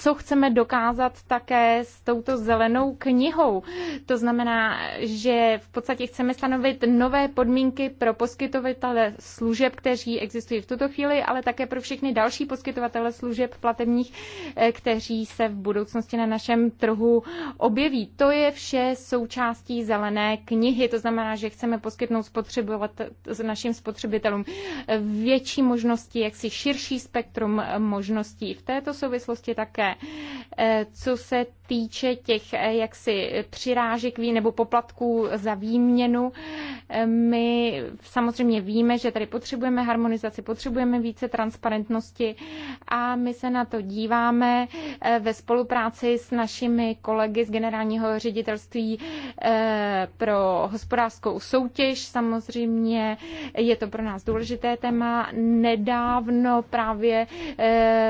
co chceme dokázat také s touto zelenou knihou. To znamená, že v podstatě chceme stanovit nové podmínky pro poskytovatele služeb, kteří existují v tuto chvíli, ale také pro všechny další poskytovatele služeb platebních, eh, kteří se v budoucnosti na našem trhu objeví. To je vše součástí zelené knihy. To znamená, že chceme poskytnout spotřebovat eh, našim spotřebitelům eh, větší možnosti, jaksi širší spektrum možností. V této souvislosti také Eh, co se týče těch eh, jaksi přirážek nebo poplatků za výměnu, eh, my samozřejmě víme, že tady potřebujeme harmonizaci, potřebujeme více transparentnosti a my se na to díváme eh, ve spolupráci s našimi kolegy z generálního ředitelství pro hospodářskou soutěž. Samozřejmě je to pro nás důležité téma. Nedávno právě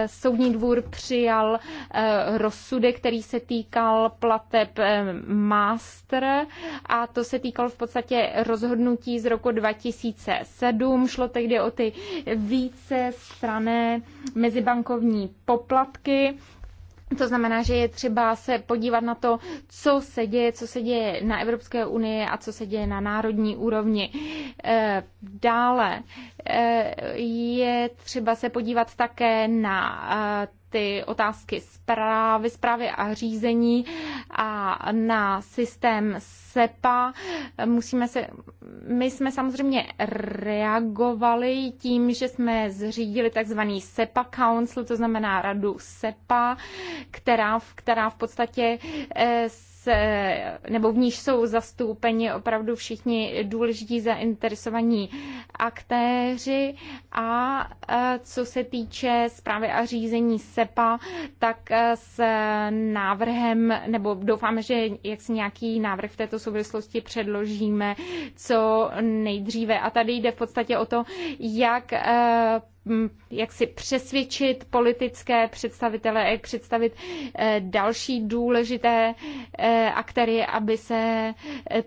soudní dvůr přijal rozsudek, který se týkal plateb eh, master a to se týkal v podstatě rozhodnutí z roku 2007. Šlo tehdy o ty více strané mezibankovní poplatky. To znamená, že je třeba se podívat na to, co se děje, co se děje na Evropské unii a co se děje na národní úrovni. Eh, dále eh, je třeba se podívat také na ty otázky zprávy, zprávy a řízení a na systém SEPA. Musíme se, my jsme samozřejmě reagovali tím, že jsme zřídili takzvaný SEPA Council, to znamená radu SEPA, která, která v podstatě eh, se, nebo v níž jsou zastoupeni opravdu všichni důležití zainteresovaní aktéři a e, co se týče zprávy a řízení SEPA, tak e, s návrhem, nebo doufáme, že jak si nějaký návrh v této souvislosti předložíme co nejdříve. A tady jde v podstatě o to, jak e, jak si přesvědčit politické představitele, jak představit eh, další důležité eh, aktéry, aby se eh,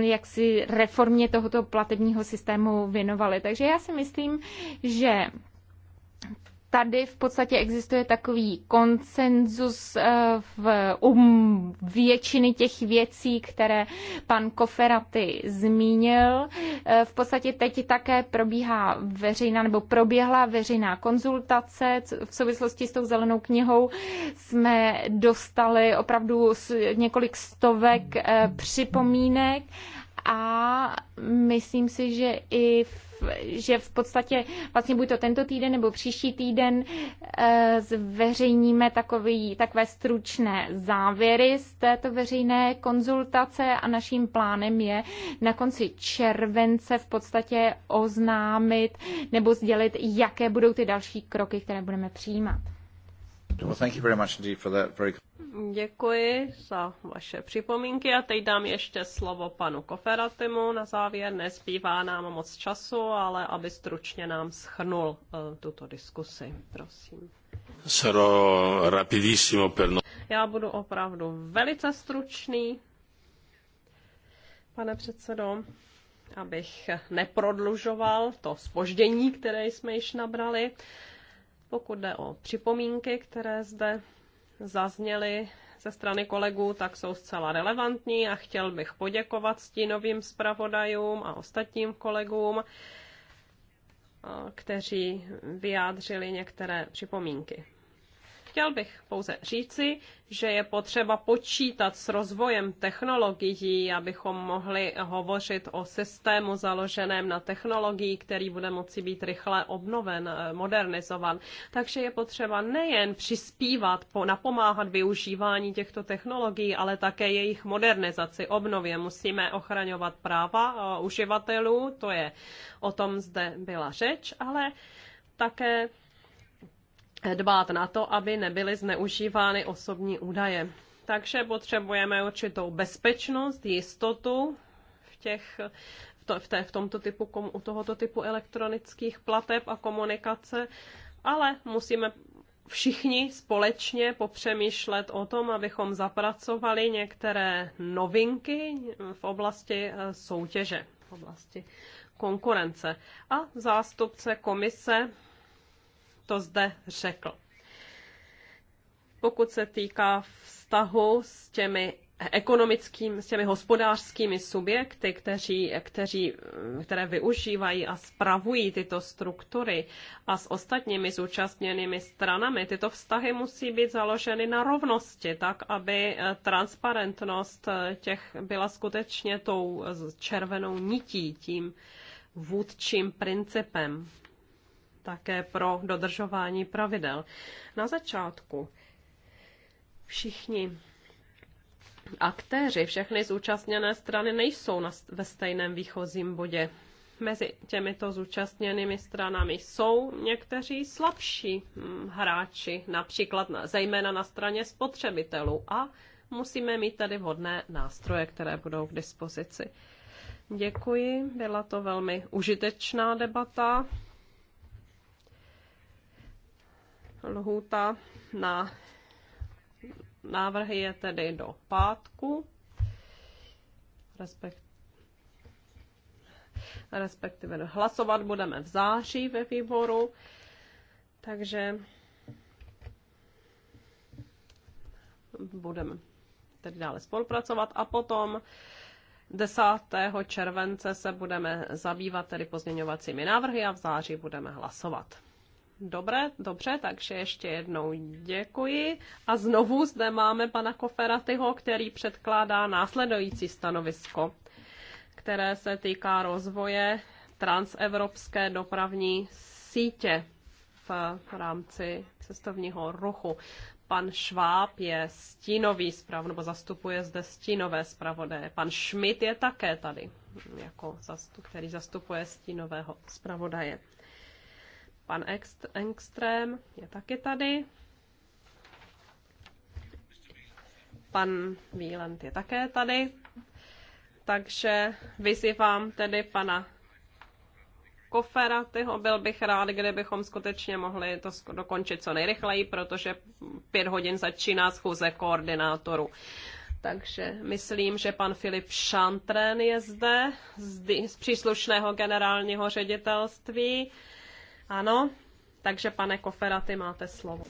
jak si reformě tohoto platebního systému věnovali. Takže já si myslím, že tady v podstatě existuje takový konsenzus eh, v um, většiny těch věcí, které pan Koferaty zmínil. Eh, v podstatě teď také probíhá veřejná nebo proběhla veřejná konzultace v souvislosti s tou zelenou knihou. Jsme dostali opravdu několik stovek eh, připomínek a myslím si, že i v, že v podstatě vlastně buď to tento týden nebo příští týden eh, zveřejníme takový, takové stručné závěry z této veřejné konzultace a naším plánem je na konci července v podstatě oznámit nebo sdělit, jaké budou ty další kroky, které budeme přijímat. Děkuji za vaše připomínky a teď dám ještě slovo panu Koferatimu na závěr. Nezbývá nám moc času, ale aby stručně nám schrnul eh, tuto diskusi. Prosím. No- Já budu opravdu velice stručný, pane předsedo, abych neprodlužoval to spoždění, které jsme již nabrali. Pokud jde o připomínky, které zde zazněly ze strany kolegů, tak jsou zcela relevantní a chtěl bych poděkovat stínovým zpravodajům a ostatním kolegům, eh, kteří vyjádřili některé připomínky. Chtěl bych pouze říci, že je potřeba počítat s rozvojem technologií, abychom mohli hovořit o systému založeném na technologii, který bude moci být rychle obnoven, eh, modernizovan. Takže je potřeba nejen přispívat, napomáhat využívání těchto technologií, ale také jejich modernizaci, obnově. Musíme ochraňovat práva eh, uživatelů, to je o tom zde byla řeč, ale také Eh, dbát na to, aby nebyly zneužívány osobní údaje. Takže potřebujeme určitou bezpečnost, jistotu v těch v, té, v tomto typu, u tohoto typu elektronických plateb a komunikace, ale musíme všichni společně popřemýšlet o tom, abychom zapracovali některé novinky v oblasti eh, soutěže, v oblasti konkurence. A zástupce komise to zde řekl. Pokud se týká vztahu s těmi ekonomickým, s těmi hospodářskými subjekty, kteří, kteří, které využívají a spravují tyto struktury a s ostatními zúčastněnými stranami. Tyto vztahy musí být založeny na rovnosti, tak aby transparentnost těch byla skutečně tou červenou nití, tím vůdčím principem také pro dodržování pravidel. Na začátku všichni aktéři, všechny zúčastněné strany nejsou na, ve stejném výchozím bodě. Mezi těmito zúčastněnými stranami jsou někteří slabší hm, hráči, například na, zejména na straně spotřebitelů a musíme mít tady vhodné nástroje, které budou k dispozici. Děkuji, byla to velmi užitečná debata. Lhůta na návrhy je tedy do pátku, respektive respektive hlasovat budeme v září ve výboru, takže budeme tedy dále spolupracovat a potom 10. července se budeme zabývat tedy pozměňovacími návrhy a v září budeme hlasovat. Dobré, dobře, takže ještě jednou děkuji. A znovu zde máme pana Koferatyho, který předkládá následující stanovisko, které se týká rozvoje transevropské dopravní sítě v rámci cestovního ruchu. Pan Šváb je stínový zprav, nebo zastupuje zde stínové zpravodaje. Pan Schmidt je také tady, jako zastup, který zastupuje stínového zpravodaje. Pan Engström je taky tady. Pan Wieland je také tady. Takže vyzývám tedy pana kofera, tyho byl bych rád, kdybychom skutečně mohli to dokončit co nejrychleji, protože pět hodin začíná schůze koordinátoru. Takže myslím, že pan Filip Šantren je zde z, z příslušného generálního ředitelství. Ano, takže pane Koferaty, máte slovo.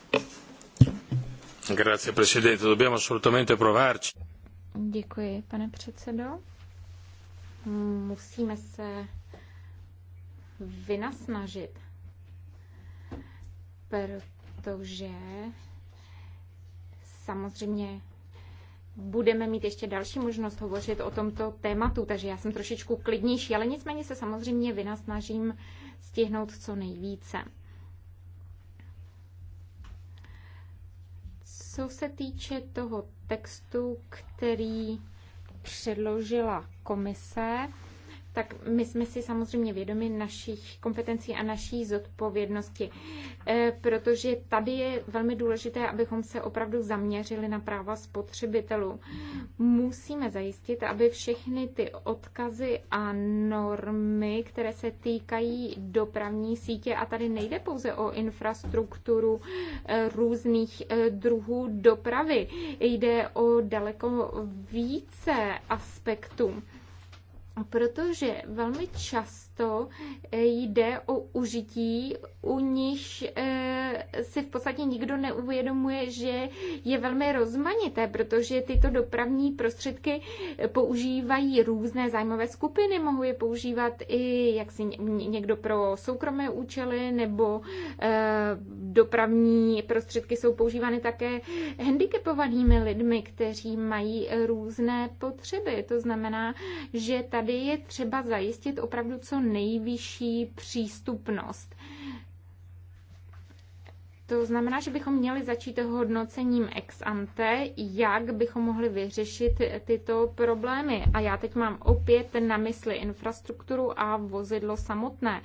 Grazie, presidente. Dobbiamo assolutamente provarci. Děkuji, pane předsedo. Musíme se vynasnažit, protože samozřejmě budeme mít ještě další možnost hovořit o tomto tématu, takže já jsem trošičku klidnější, ale nicméně se samozřejmě vynasnažím stihnout co nejvíce. Co se týče toho textu, který předložila komise, tak my jsme si samozřejmě vědomi našich kompetencí a naší zodpovědnosti, eh, protože tady je velmi důležité, abychom se opravdu zaměřili na práva spotřebitelů. Musíme zajistit, aby všechny ty odkazy a normy, které se týkají dopravní sítě, a tady nejde pouze o infrastrukturu eh, různých eh, druhů dopravy, jde o daleko více aspektů protože velmi často eh, jde o užití, u nich eh, si v podstatě nikdo neuvědomuje, že je velmi rozmanité, protože tyto dopravní prostředky eh, používají různé zájmové skupiny, mohou je používat i jak si někdo pro soukromé účely, nebo dopravní prostředky jsou používány také handicapovanými lidmi, kteří mají různé potřeby. To znamená, že tady tady je třeba zajistit opravdu co nejvyšší přístupnost. To znamená, že bychom měli začít hodnocením ex ante, jak bychom mohli vyřešit tyto problémy. A já teď mám opět na mysli infrastrukturu a vozidlo samotné,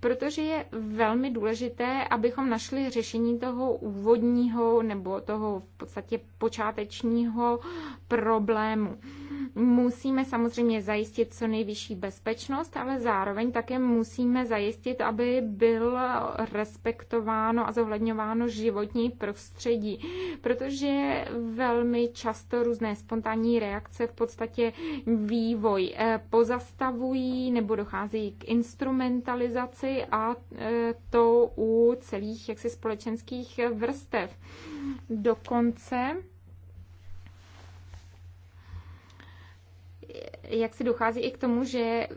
protože je velmi důležité, abychom našli řešení toho úvodního nebo toho v podstatě počátečního problému. Musíme samozřejmě zajistit co nejvyšší bezpečnost, ale zároveň také musíme zajistit, aby byl respektováno a zohledňováno podporováno životní prostředí, protože velmi často různé spontánní reakce v podstatě vývoj eh, pozastavují nebo dochází k instrumentalizaci a eh, to u celých jaksi společenských vrstev. Dokonce jak si dochází i k tomu, že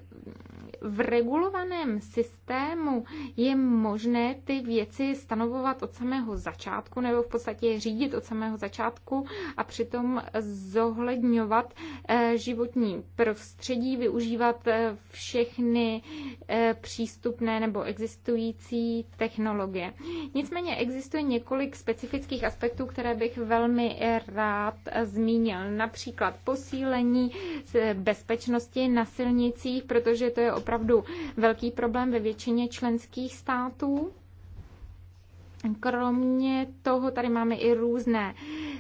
v regulovaném systému je možné ty věci stanovovat od samého začátku nebo v podstatě řídit od samého začátku a přitom zohledňovat eh, životní prostředí, využívat eh, všechny eh, přístupné nebo existující technologie. Nicméně existuje několik specifických aspektů, které bych velmi rád zmínil. Například posílení bezpečnosti na silnicích, protože to je opravdu opravdu velký problém ve většině členských států. Kromě toho tady máme i různé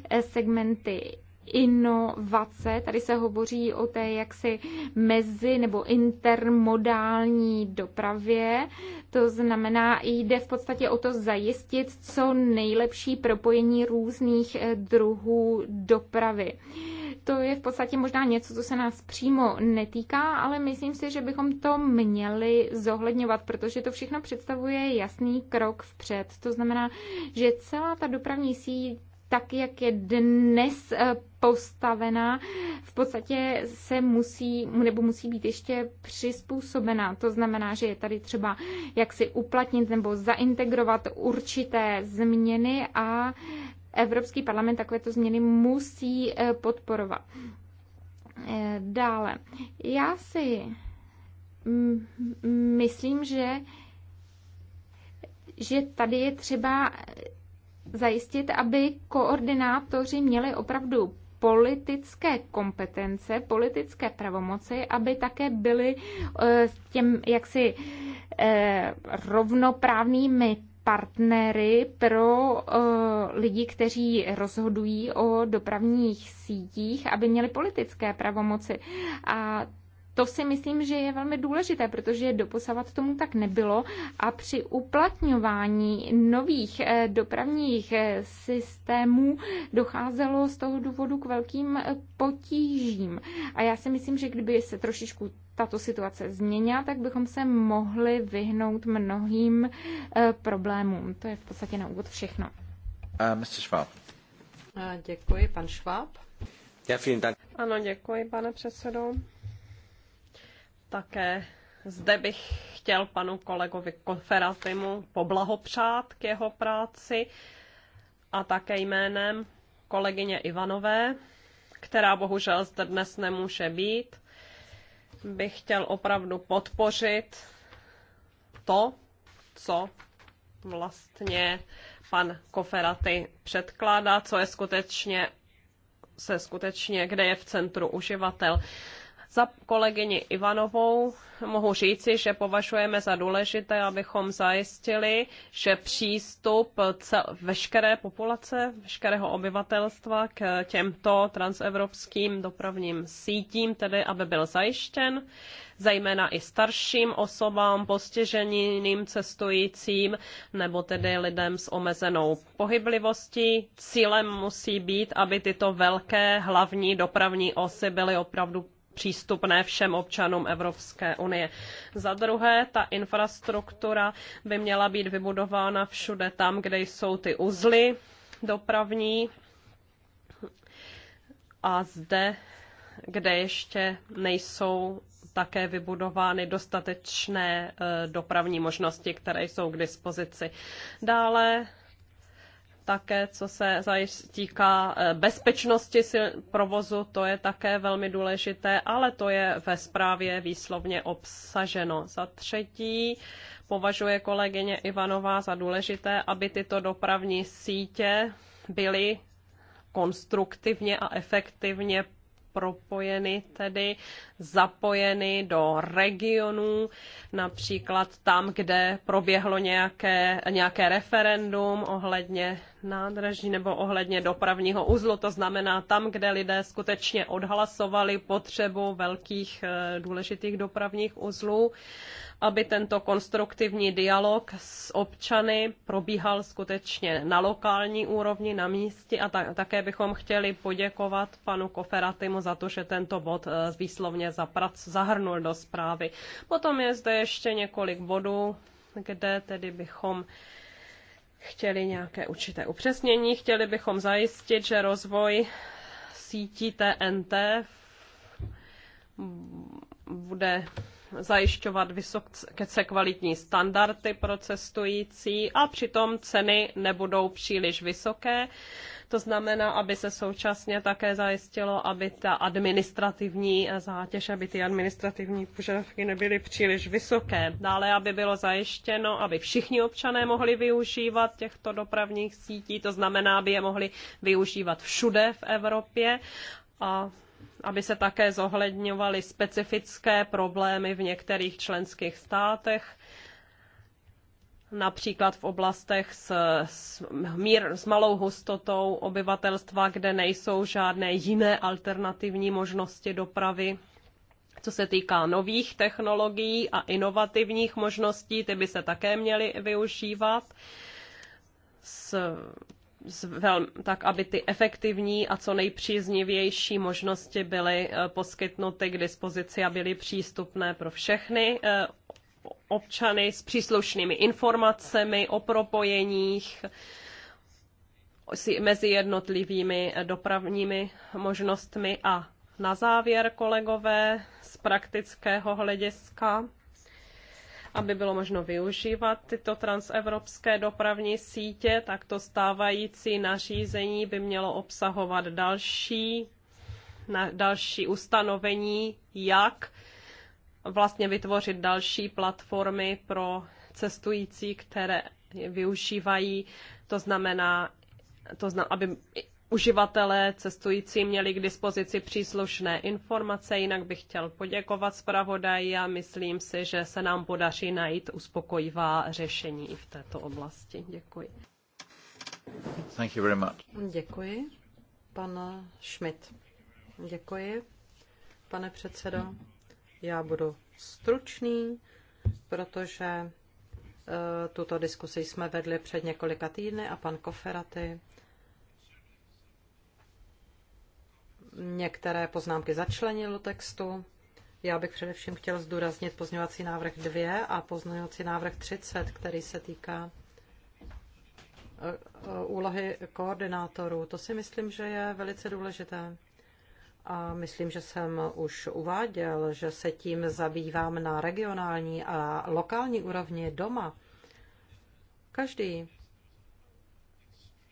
eh, segmenty inovace. Tady se hovoří o té jaksi mezi nebo intermodální dopravě. To znamená, jde v podstatě o to zajistit co nejlepší propojení různých eh, druhů dopravy to je v podstatě možná něco, co se nás přímo netýká, ale myslím si, že bychom to měli zohledňovat, protože to všechno představuje jasný krok vpřed. To znamená, že celá ta dopravní síť tak, jak je dnes eh, postavená, v podstatě se musí, nebo musí být ještě přizpůsobená. To znamená, že je tady třeba jak si uplatnit nebo zaintegrovat určité změny a Evropský parlament takovéto změny musí eh, podporovat. Eh, dále, já si mm, mm, myslím, že, že tady je třeba eh, zajistit, aby koordinátoři měli opravdu politické kompetence, politické pravomoci, aby také byli těm jaksi rovnoprávnými partnery pro uh, lidi, kteří rozhodují o dopravních sítích, aby měli politické pravomoci. A to si myslím, že je velmi důležité, protože doposavat tomu tak nebylo a při uplatňování nových eh, dopravních eh, systémů docházelo z toho důvodu k velkým potížím. A já si myslím, že kdyby se trošičku tato situace změnila, tak bychom se mohli vyhnout mnohým eh, problémům. To je v podstatě na úvod všechno. Uh, Mr. Schwab. Uh, děkuji, pan Schwab. Já vím, Ano, děkuji, pane předsedo. Také zde bych chtěl panu kolegovi Konferatimu poblahopřát k jeho práci a také jménem kolegyně Ivanové, která bohužel zde dnes nemůže být bych chtěl opravdu podpořit to, co vlastně pan Koferaty předkládá, co je skutečně se skutečně, kde je v centru uživatel. Za kolegyni Ivanovou mohu říci, že považujeme za důležité, abychom zajistili, že přístup cel, veškeré populace, veškerého obyvatelstva k těmto transevropským dopravním sítím, tedy aby byl zajištěn, zejména i starším osobám, postiženým cestujícím nebo tedy lidem s omezenou pohyblivostí. Cílem musí být, aby tyto velké hlavní dopravní osy byly opravdu přístupné všem občanům Evropské unie. Za druhé, ta infrastruktura by měla být vybudována všude tam, kde jsou ty uzly dopravní a zde, kde ještě nejsou také vybudovány dostatečné eh, dopravní možnosti, které jsou k dispozici. Dále také co se týká eh, bezpečnosti provozu, to je také velmi důležité, ale to je ve zprávě výslovně obsaženo. Za třetí považuje kolegyně Ivanová za důležité, aby tyto dopravní sítě byly konstruktivně a efektivně propojeny, tedy zapojeny do regionů, například tam, kde proběhlo nějaké, nějaké referendum ohledně nádraží nebo ohledně dopravního uzlu, to znamená tam, kde lidé skutečně odhlasovali potřebu velkých eh, důležitých dopravních uzlů, aby tento konstruktivní dialog s občany probíhal skutečně na lokální úrovni, na místě a ta- také bychom chtěli poděkovat panu Koferatimu za to, že tento bod eh, výslovně zaprac- zahrnul do zprávy. Potom je zde ještě několik bodů, kde tedy bychom chtěli nějaké určité upřesnění. Chtěli bychom zajistit, že rozvoj sítí TNT bude zajišťovat vysoce kvalitní standardy pro cestující a přitom ceny nebudou příliš vysoké. To znamená, aby se současně také zajistilo, aby ta administrativní zátěž, aby ty administrativní požadavky nebyly příliš vysoké. Dále, aby bylo zajištěno, aby všichni občané mohli využívat těchto dopravních sítí, to znamená, aby je mohli využívat všude v Evropě a aby se také zohledňovaly specifické problémy v některých členských státech, například v oblastech s, s, mír, s malou hustotou obyvatelstva, kde nejsou žádné jiné alternativní možnosti dopravy. Co se týká nových technologií a inovativních možností, ty by se také měly využívat s tak aby ty efektivní a co nejpříznivější možnosti byly eh, poskytnuty k dispozici a byly přístupné pro všechny eh, občany s příslušnými informacemi o propojeních mezi jednotlivými eh, dopravními možnostmi. A na závěr, kolegové, z praktického hlediska aby bylo možno využívat tyto transevropské dopravní sítě, tak to stávající nařízení by mělo obsahovat další, na, další ustanovení, jak vlastně vytvořit další platformy pro cestující, které využívají, to znamená, to znamená aby uživatelé cestující měli k dispozici příslušné informace. Jinak bych chtěl poděkovat zpravodaji a myslím si, že se nám podaří najít uspokojivá řešení i v této oblasti. Děkuji. Thank you very much. Děkuji. Pan Schmidt. Děkuji, pane předsedo. Já budu stručný, protože eh, tuto diskusi jsme vedli před několika týdny a pan Koferaty některé poznámky začlenil do textu. Já bych především chtěl zdůraznit pozměňovací návrh 2 a pozměňovací návrh 30, který se týká e, e, úlohy koordinátorů. To si myslím, že je velice důležité. A myslím, že jsem už uváděl, že se tím zabývám na regionální a lokální úrovni doma. Každý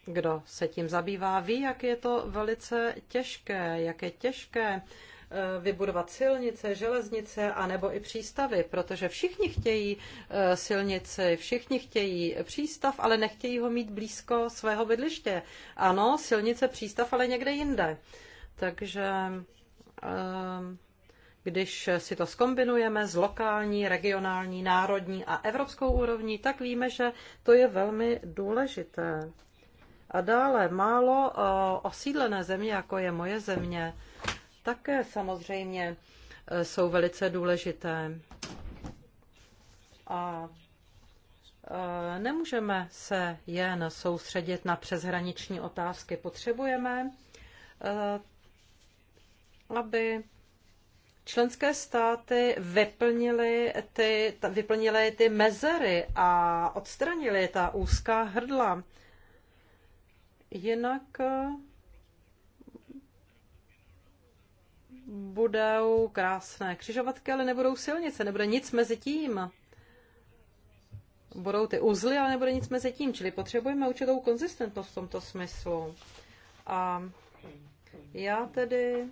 kdo se tím zabývá, ví, jak je to velice těžké, jak je těžké eh, vybudovat silnice, železnice a nebo i přístavy, protože všichni chtějí eh, silnici, všichni chtějí přístav, ale nechtějí ho mít blízko svého bydliště. Ano, silnice, přístav, ale někde jinde. Takže eh, když si to skombinujeme s lokální, regionální, národní a evropskou úrovní, tak víme, že to je velmi důležité. A dále málo eh, osídlené země, jako je moje země, také samozřejmě eh, jsou velice důležité. A eh, nemůžeme se jen soustředit na přeshraniční otázky. Potřebujeme, aby členské státy vyplnily ty, vyplnily ty mezery a odstranily ta úzká hrdla. Jinak eh, budou krásné křižovatky, ale nebudou silnice, nebude nic mezi tím. Budou ty uzly, ale nebude nic mezi tím, čili potřebujeme určitou konzistentnost v tomto smyslu. A já tedy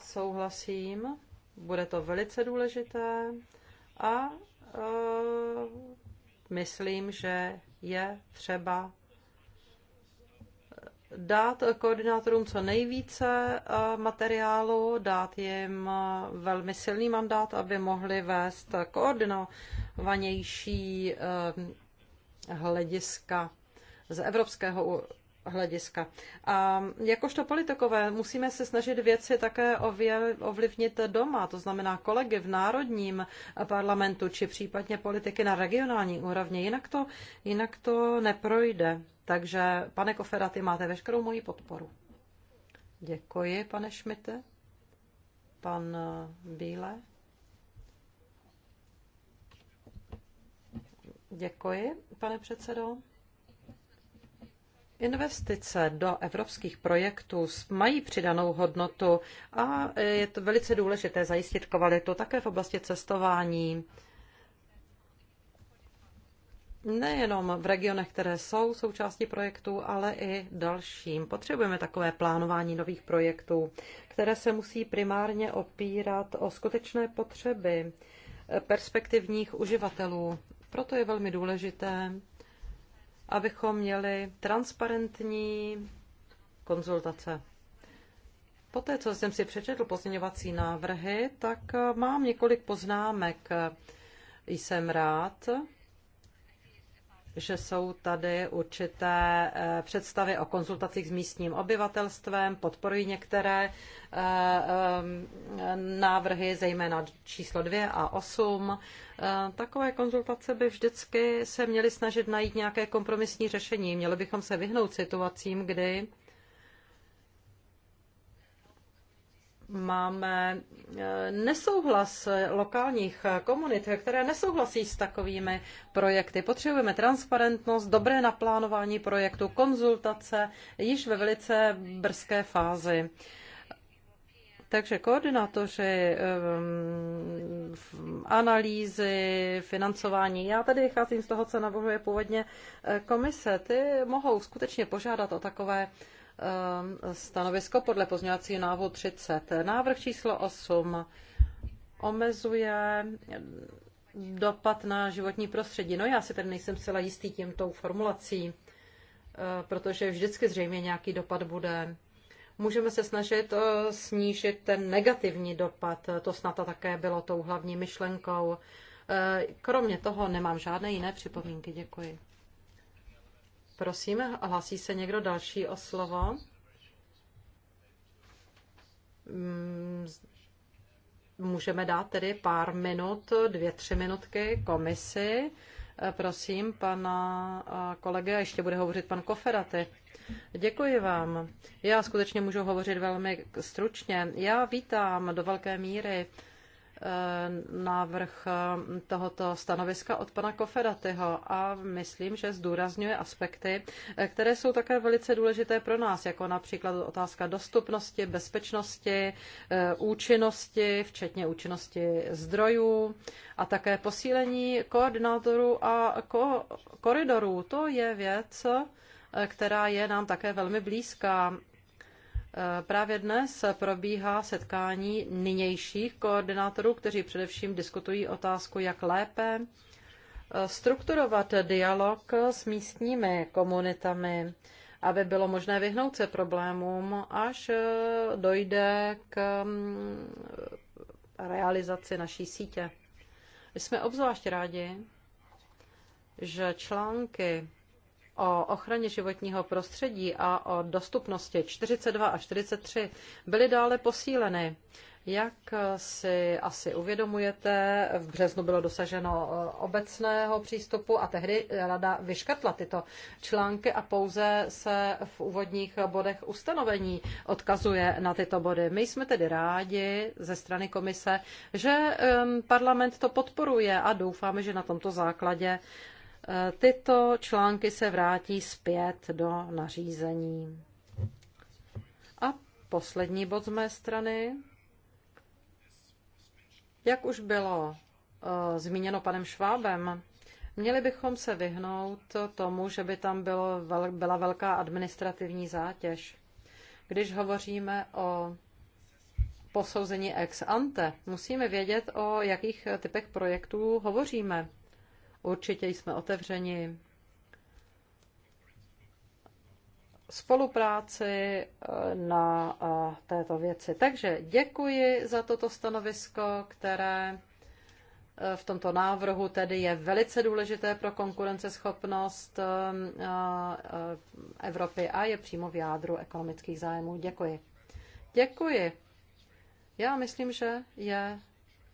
souhlasím, bude to velice důležité a e, myslím, že je třeba dát koordinátorům co nejvíce eh, materiálu, dát jim eh, velmi silný mandát, aby mohli vést koordinovanější eh, hlediska z evropského hlediska. A jakožto politikové musíme se snažit věci také ovlivnit doma, to znamená kolegy v národním parlamentu či případně politiky na regionální úrovni. Jinak to, jinak to neprojde. Takže, pane Koferaty, máte veškerou moji podporu. Děkuji, pane Šmite. Pan eh, Bíle. Děkuji, pane předsedo. Investice do evropských projektů mají přidanou hodnotu a je to velice důležité zajistit kvalitu také v oblasti cestování nejenom v regionech, které jsou součástí projektu, ale i dalším. Potřebujeme takové plánování nových projektů, které se musí primárně opírat o skutečné potřeby perspektivních uživatelů. Proto je velmi důležité, abychom měli transparentní konzultace. Poté, co jsem si přečetl pozměňovací návrhy, tak mám několik poznámek. Jsem rád, že jsou tady určité eh, představy o konzultacích s místním obyvatelstvem, podporují některé eh, eh, návrhy, zejména číslo 2 a 8. Takové konzultace by vždycky se měly snažit najít nějaké kompromisní řešení. Měli bychom se vyhnout situacím, kdy máme eh, nesouhlas eh, lokálních eh, komunit, které nesouhlasí s takovými projekty. Potřebujeme transparentnost, dobré naplánování projektu, konzultace již ve velice brzké fázi. Takže koordinátoři analýzy, financování. Já tady vycházím z toho, co navrhuje původně komise. Ty mohou skutečně požádat o takové Um, stanovisko podle pozměňovacího návrhu 30. Návrh číslo 8 omezuje dopad na životní prostředí. No já si tedy nejsem zcela jistý tímto formulací, uh, protože vždycky zřejmě nějaký dopad bude. Můžeme se snažit uh, snížit ten negativní dopad, to snad také bylo tou hlavní myšlenkou. Uh, kromě toho nemám žádné jiné připomínky. Děkuji. Prosím, hlásí se někdo další o slovo? Mm, můžeme dát tedy pár minut, dvě, tři minutky komisi. Eh, prosím, pana eh, kolege, a ještě bude hovořit pan Koferaty. Děkuji vám. Já skutečně můžu hovořit velmi stručně. Já vítám do velké míry Eh, návrh eh, tohoto stanoviska od pana Koferatyho a myslím, že zdůrazňuje aspekty, eh, které jsou také velice důležité pro nás, jako například otázka dostupnosti, bezpečnosti, účinnosti, včetně účinnosti zdrojů a také posílení koordinátorů a ko- koridorů. To je věc, která je nám také velmi blízká Právě dnes probíhá setkání nynějších koordinátorů, kteří především diskutují otázku, jak lépe eh, strukturovat dialog s místními komunitami, aby bylo možné vyhnout se problémům, až eh, dojde k mm, realizaci naší sítě. Jsme obzvlášť rádi, že články o ochraně životního prostředí a o dostupnosti 42 a 43 byly dále posíleny. Jak si asi uvědomujete, v březnu bylo dosaženo e, obecného přístupu a tehdy rada vyškrtla tyto články a pouze se v úvodních bodech ustanovení odkazuje na tyto body. My jsme tedy rádi ze strany komise, že parlament to podporuje a doufáme, že na tomto základě Tyto články se vrátí zpět do nařízení. A poslední bod z mé strany. Jak už bylo eh, zmíněno panem Švábem, Měli bychom se vyhnout tomu, že by tam bylo, byla velká administrativní zátěž. Když hovoříme o posouzení ex ante, musíme vědět, o jakých typech projektů hovoříme. Určitě jsme otevřeni spolupráci eh, na eh, této věci. Takže děkuji za toto stanovisko, které eh, v tomto návrhu tedy je velice důležité pro konkurenceschopnost Evropy a je přímo v jádru ekonomických zájmů. Děkuji. Děkuji. Já myslím, že je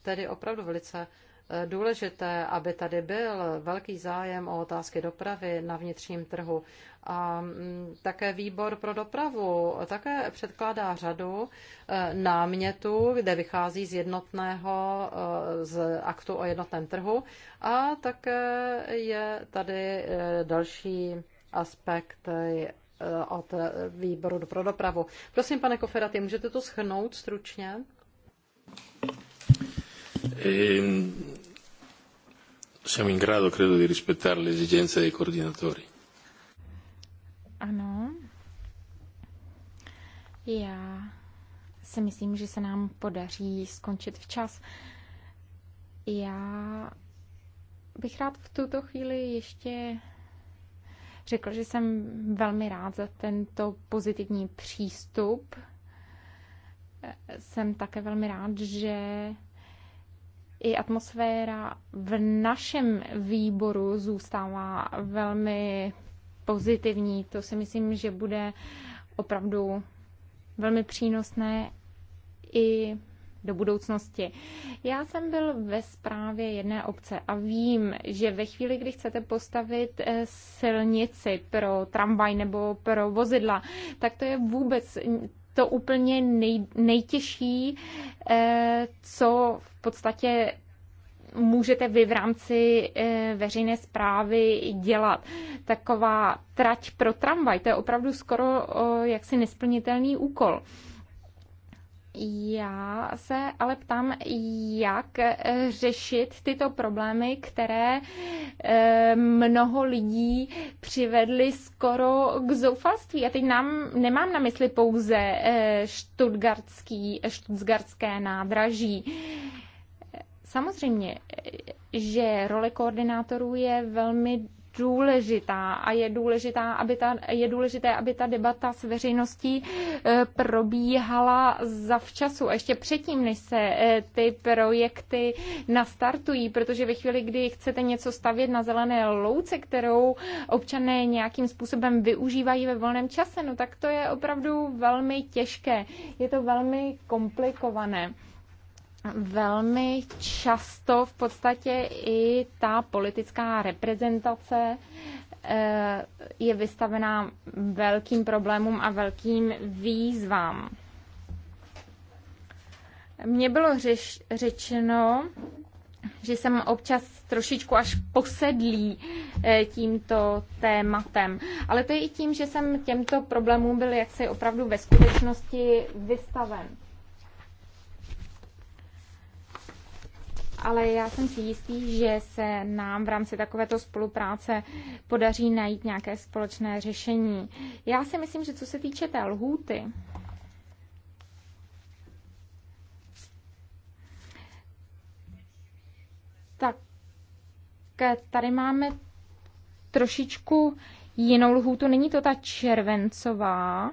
tedy opravdu velice Eh, důležité, aby tady byl velký zájem o otázky dopravy na vnitřním trhu. A mm, také výbor pro dopravu také předkládá řadu eh, námětů, kde vychází z jednotného, eh, z aktu o jednotném trhu. A také je tady další aspekt od výboru pro dopravu. Prosím, pane Koferaty, můžete to schrnout stručně? E, siamo in grado, credo, di rispettare le esigenze dei coordinatori. Ano. Já si myslím, že se nám podaří skončit včas. Já bych rád v tuto chvíli ještě řekl, že jsem velmi rád za tento pozitivní přístup. Jsem také velmi rád, že i atmosféra v našem výboru zůstává velmi pozitivní. To si myslím, že bude opravdu velmi přínosné i do budoucnosti. Já jsem byl ve správě jedné obce a vím, že ve chvíli, kdy chcete postavit eh, silnici pro tramvaj nebo pro vozidla, tak to je vůbec to úplně nej, nejtěžší, eh, co v podstatě můžete vy v rámci eh, veřejné zprávy dělat. Taková trať pro tramvaj, to je opravdu skoro jaksi nesplnitelný úkol. Já se ale ptám, jak eh, řešit tyto problémy, které eh, mnoho lidí přivedly skoro k zoufalství. A teď nám, nemám na mysli pouze eh, štutgardský, štutgardské nádraží. Samozřejmě, že role koordinátorů je velmi důležitá a je, důležitá, aby ta, je důležité, aby ta debata s veřejností eh, probíhala zavčasu a ještě předtím, než se eh, ty projekty nastartují, protože ve chvíli, kdy chcete něco stavět na zelené louce, kterou občané nějakým způsobem využívají ve volném čase, no tak to je opravdu velmi těžké. Je to velmi komplikované velmi často v podstatě i ta politická reprezentace eh, je vystavená velkým problémům a velkým výzvám. Mně bylo řeš, řečeno, že jsem občas trošičku až posedlý eh, tímto tématem. Ale to je i tím, že jsem těmto problémům byl jaksi opravdu ve skutečnosti vystaven. ale já jsem si jistý, že se nám v rámci takovéto spolupráce podaří najít nějaké společné řešení. Já si myslím, že co se týče té lhůty, tak eh, tady máme trošičku jinou lhůtu. Není to ta červencová,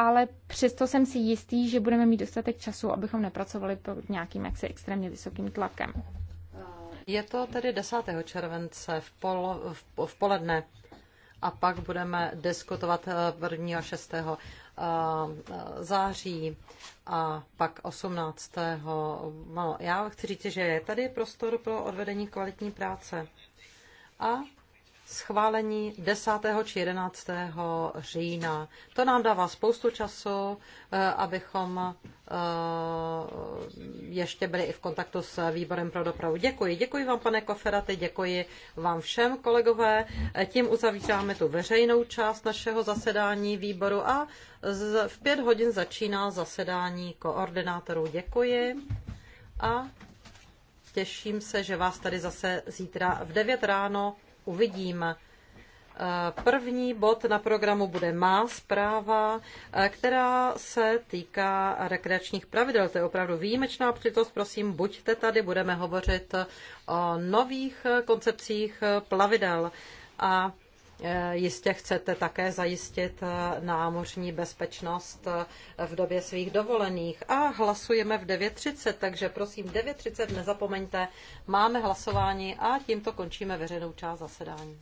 ale přesto jsem si jistý, že budeme mít dostatek času, abychom nepracovali pod nějakým jaksi extrémně vysokým tlakem. Je to tedy 10. července v, pol, v, v poledne a pak budeme diskutovat 1. Eh, a 6. Eh, eh, září a pak 18. No, já chci říct, že je tady prostor pro odvedení kvalitní práce. A schválení 10. či 11. října. To nám dává spoustu času, eh, abychom eh, ještě byli i v kontaktu s výborem pro dopravu. Děkuji. Děkuji vám, pane Koferaty, děkuji vám všem, kolegové. Eh, tím uzavíráme tu veřejnou část našeho zasedání výboru a v pět hodin začíná zasedání koordinátorů. Děkuji a těším se, že vás tady zase zítra v 9 ráno uvidím. Eh, první bod na programu bude má zpráva, eh, která se týká rekreačních pravidel. To je opravdu výjimečná příležitost. Prosím, buďte tady, budeme hovořit o nových eh, koncepcích plavidel. A Eh, jistě chcete také zajistit eh, námořní bezpečnost eh, v době svých dovolených. A hlasujeme v 9.30, takže prosím 9.30 nezapomeňte, máme hlasování a tímto končíme veřejnou část zasedání.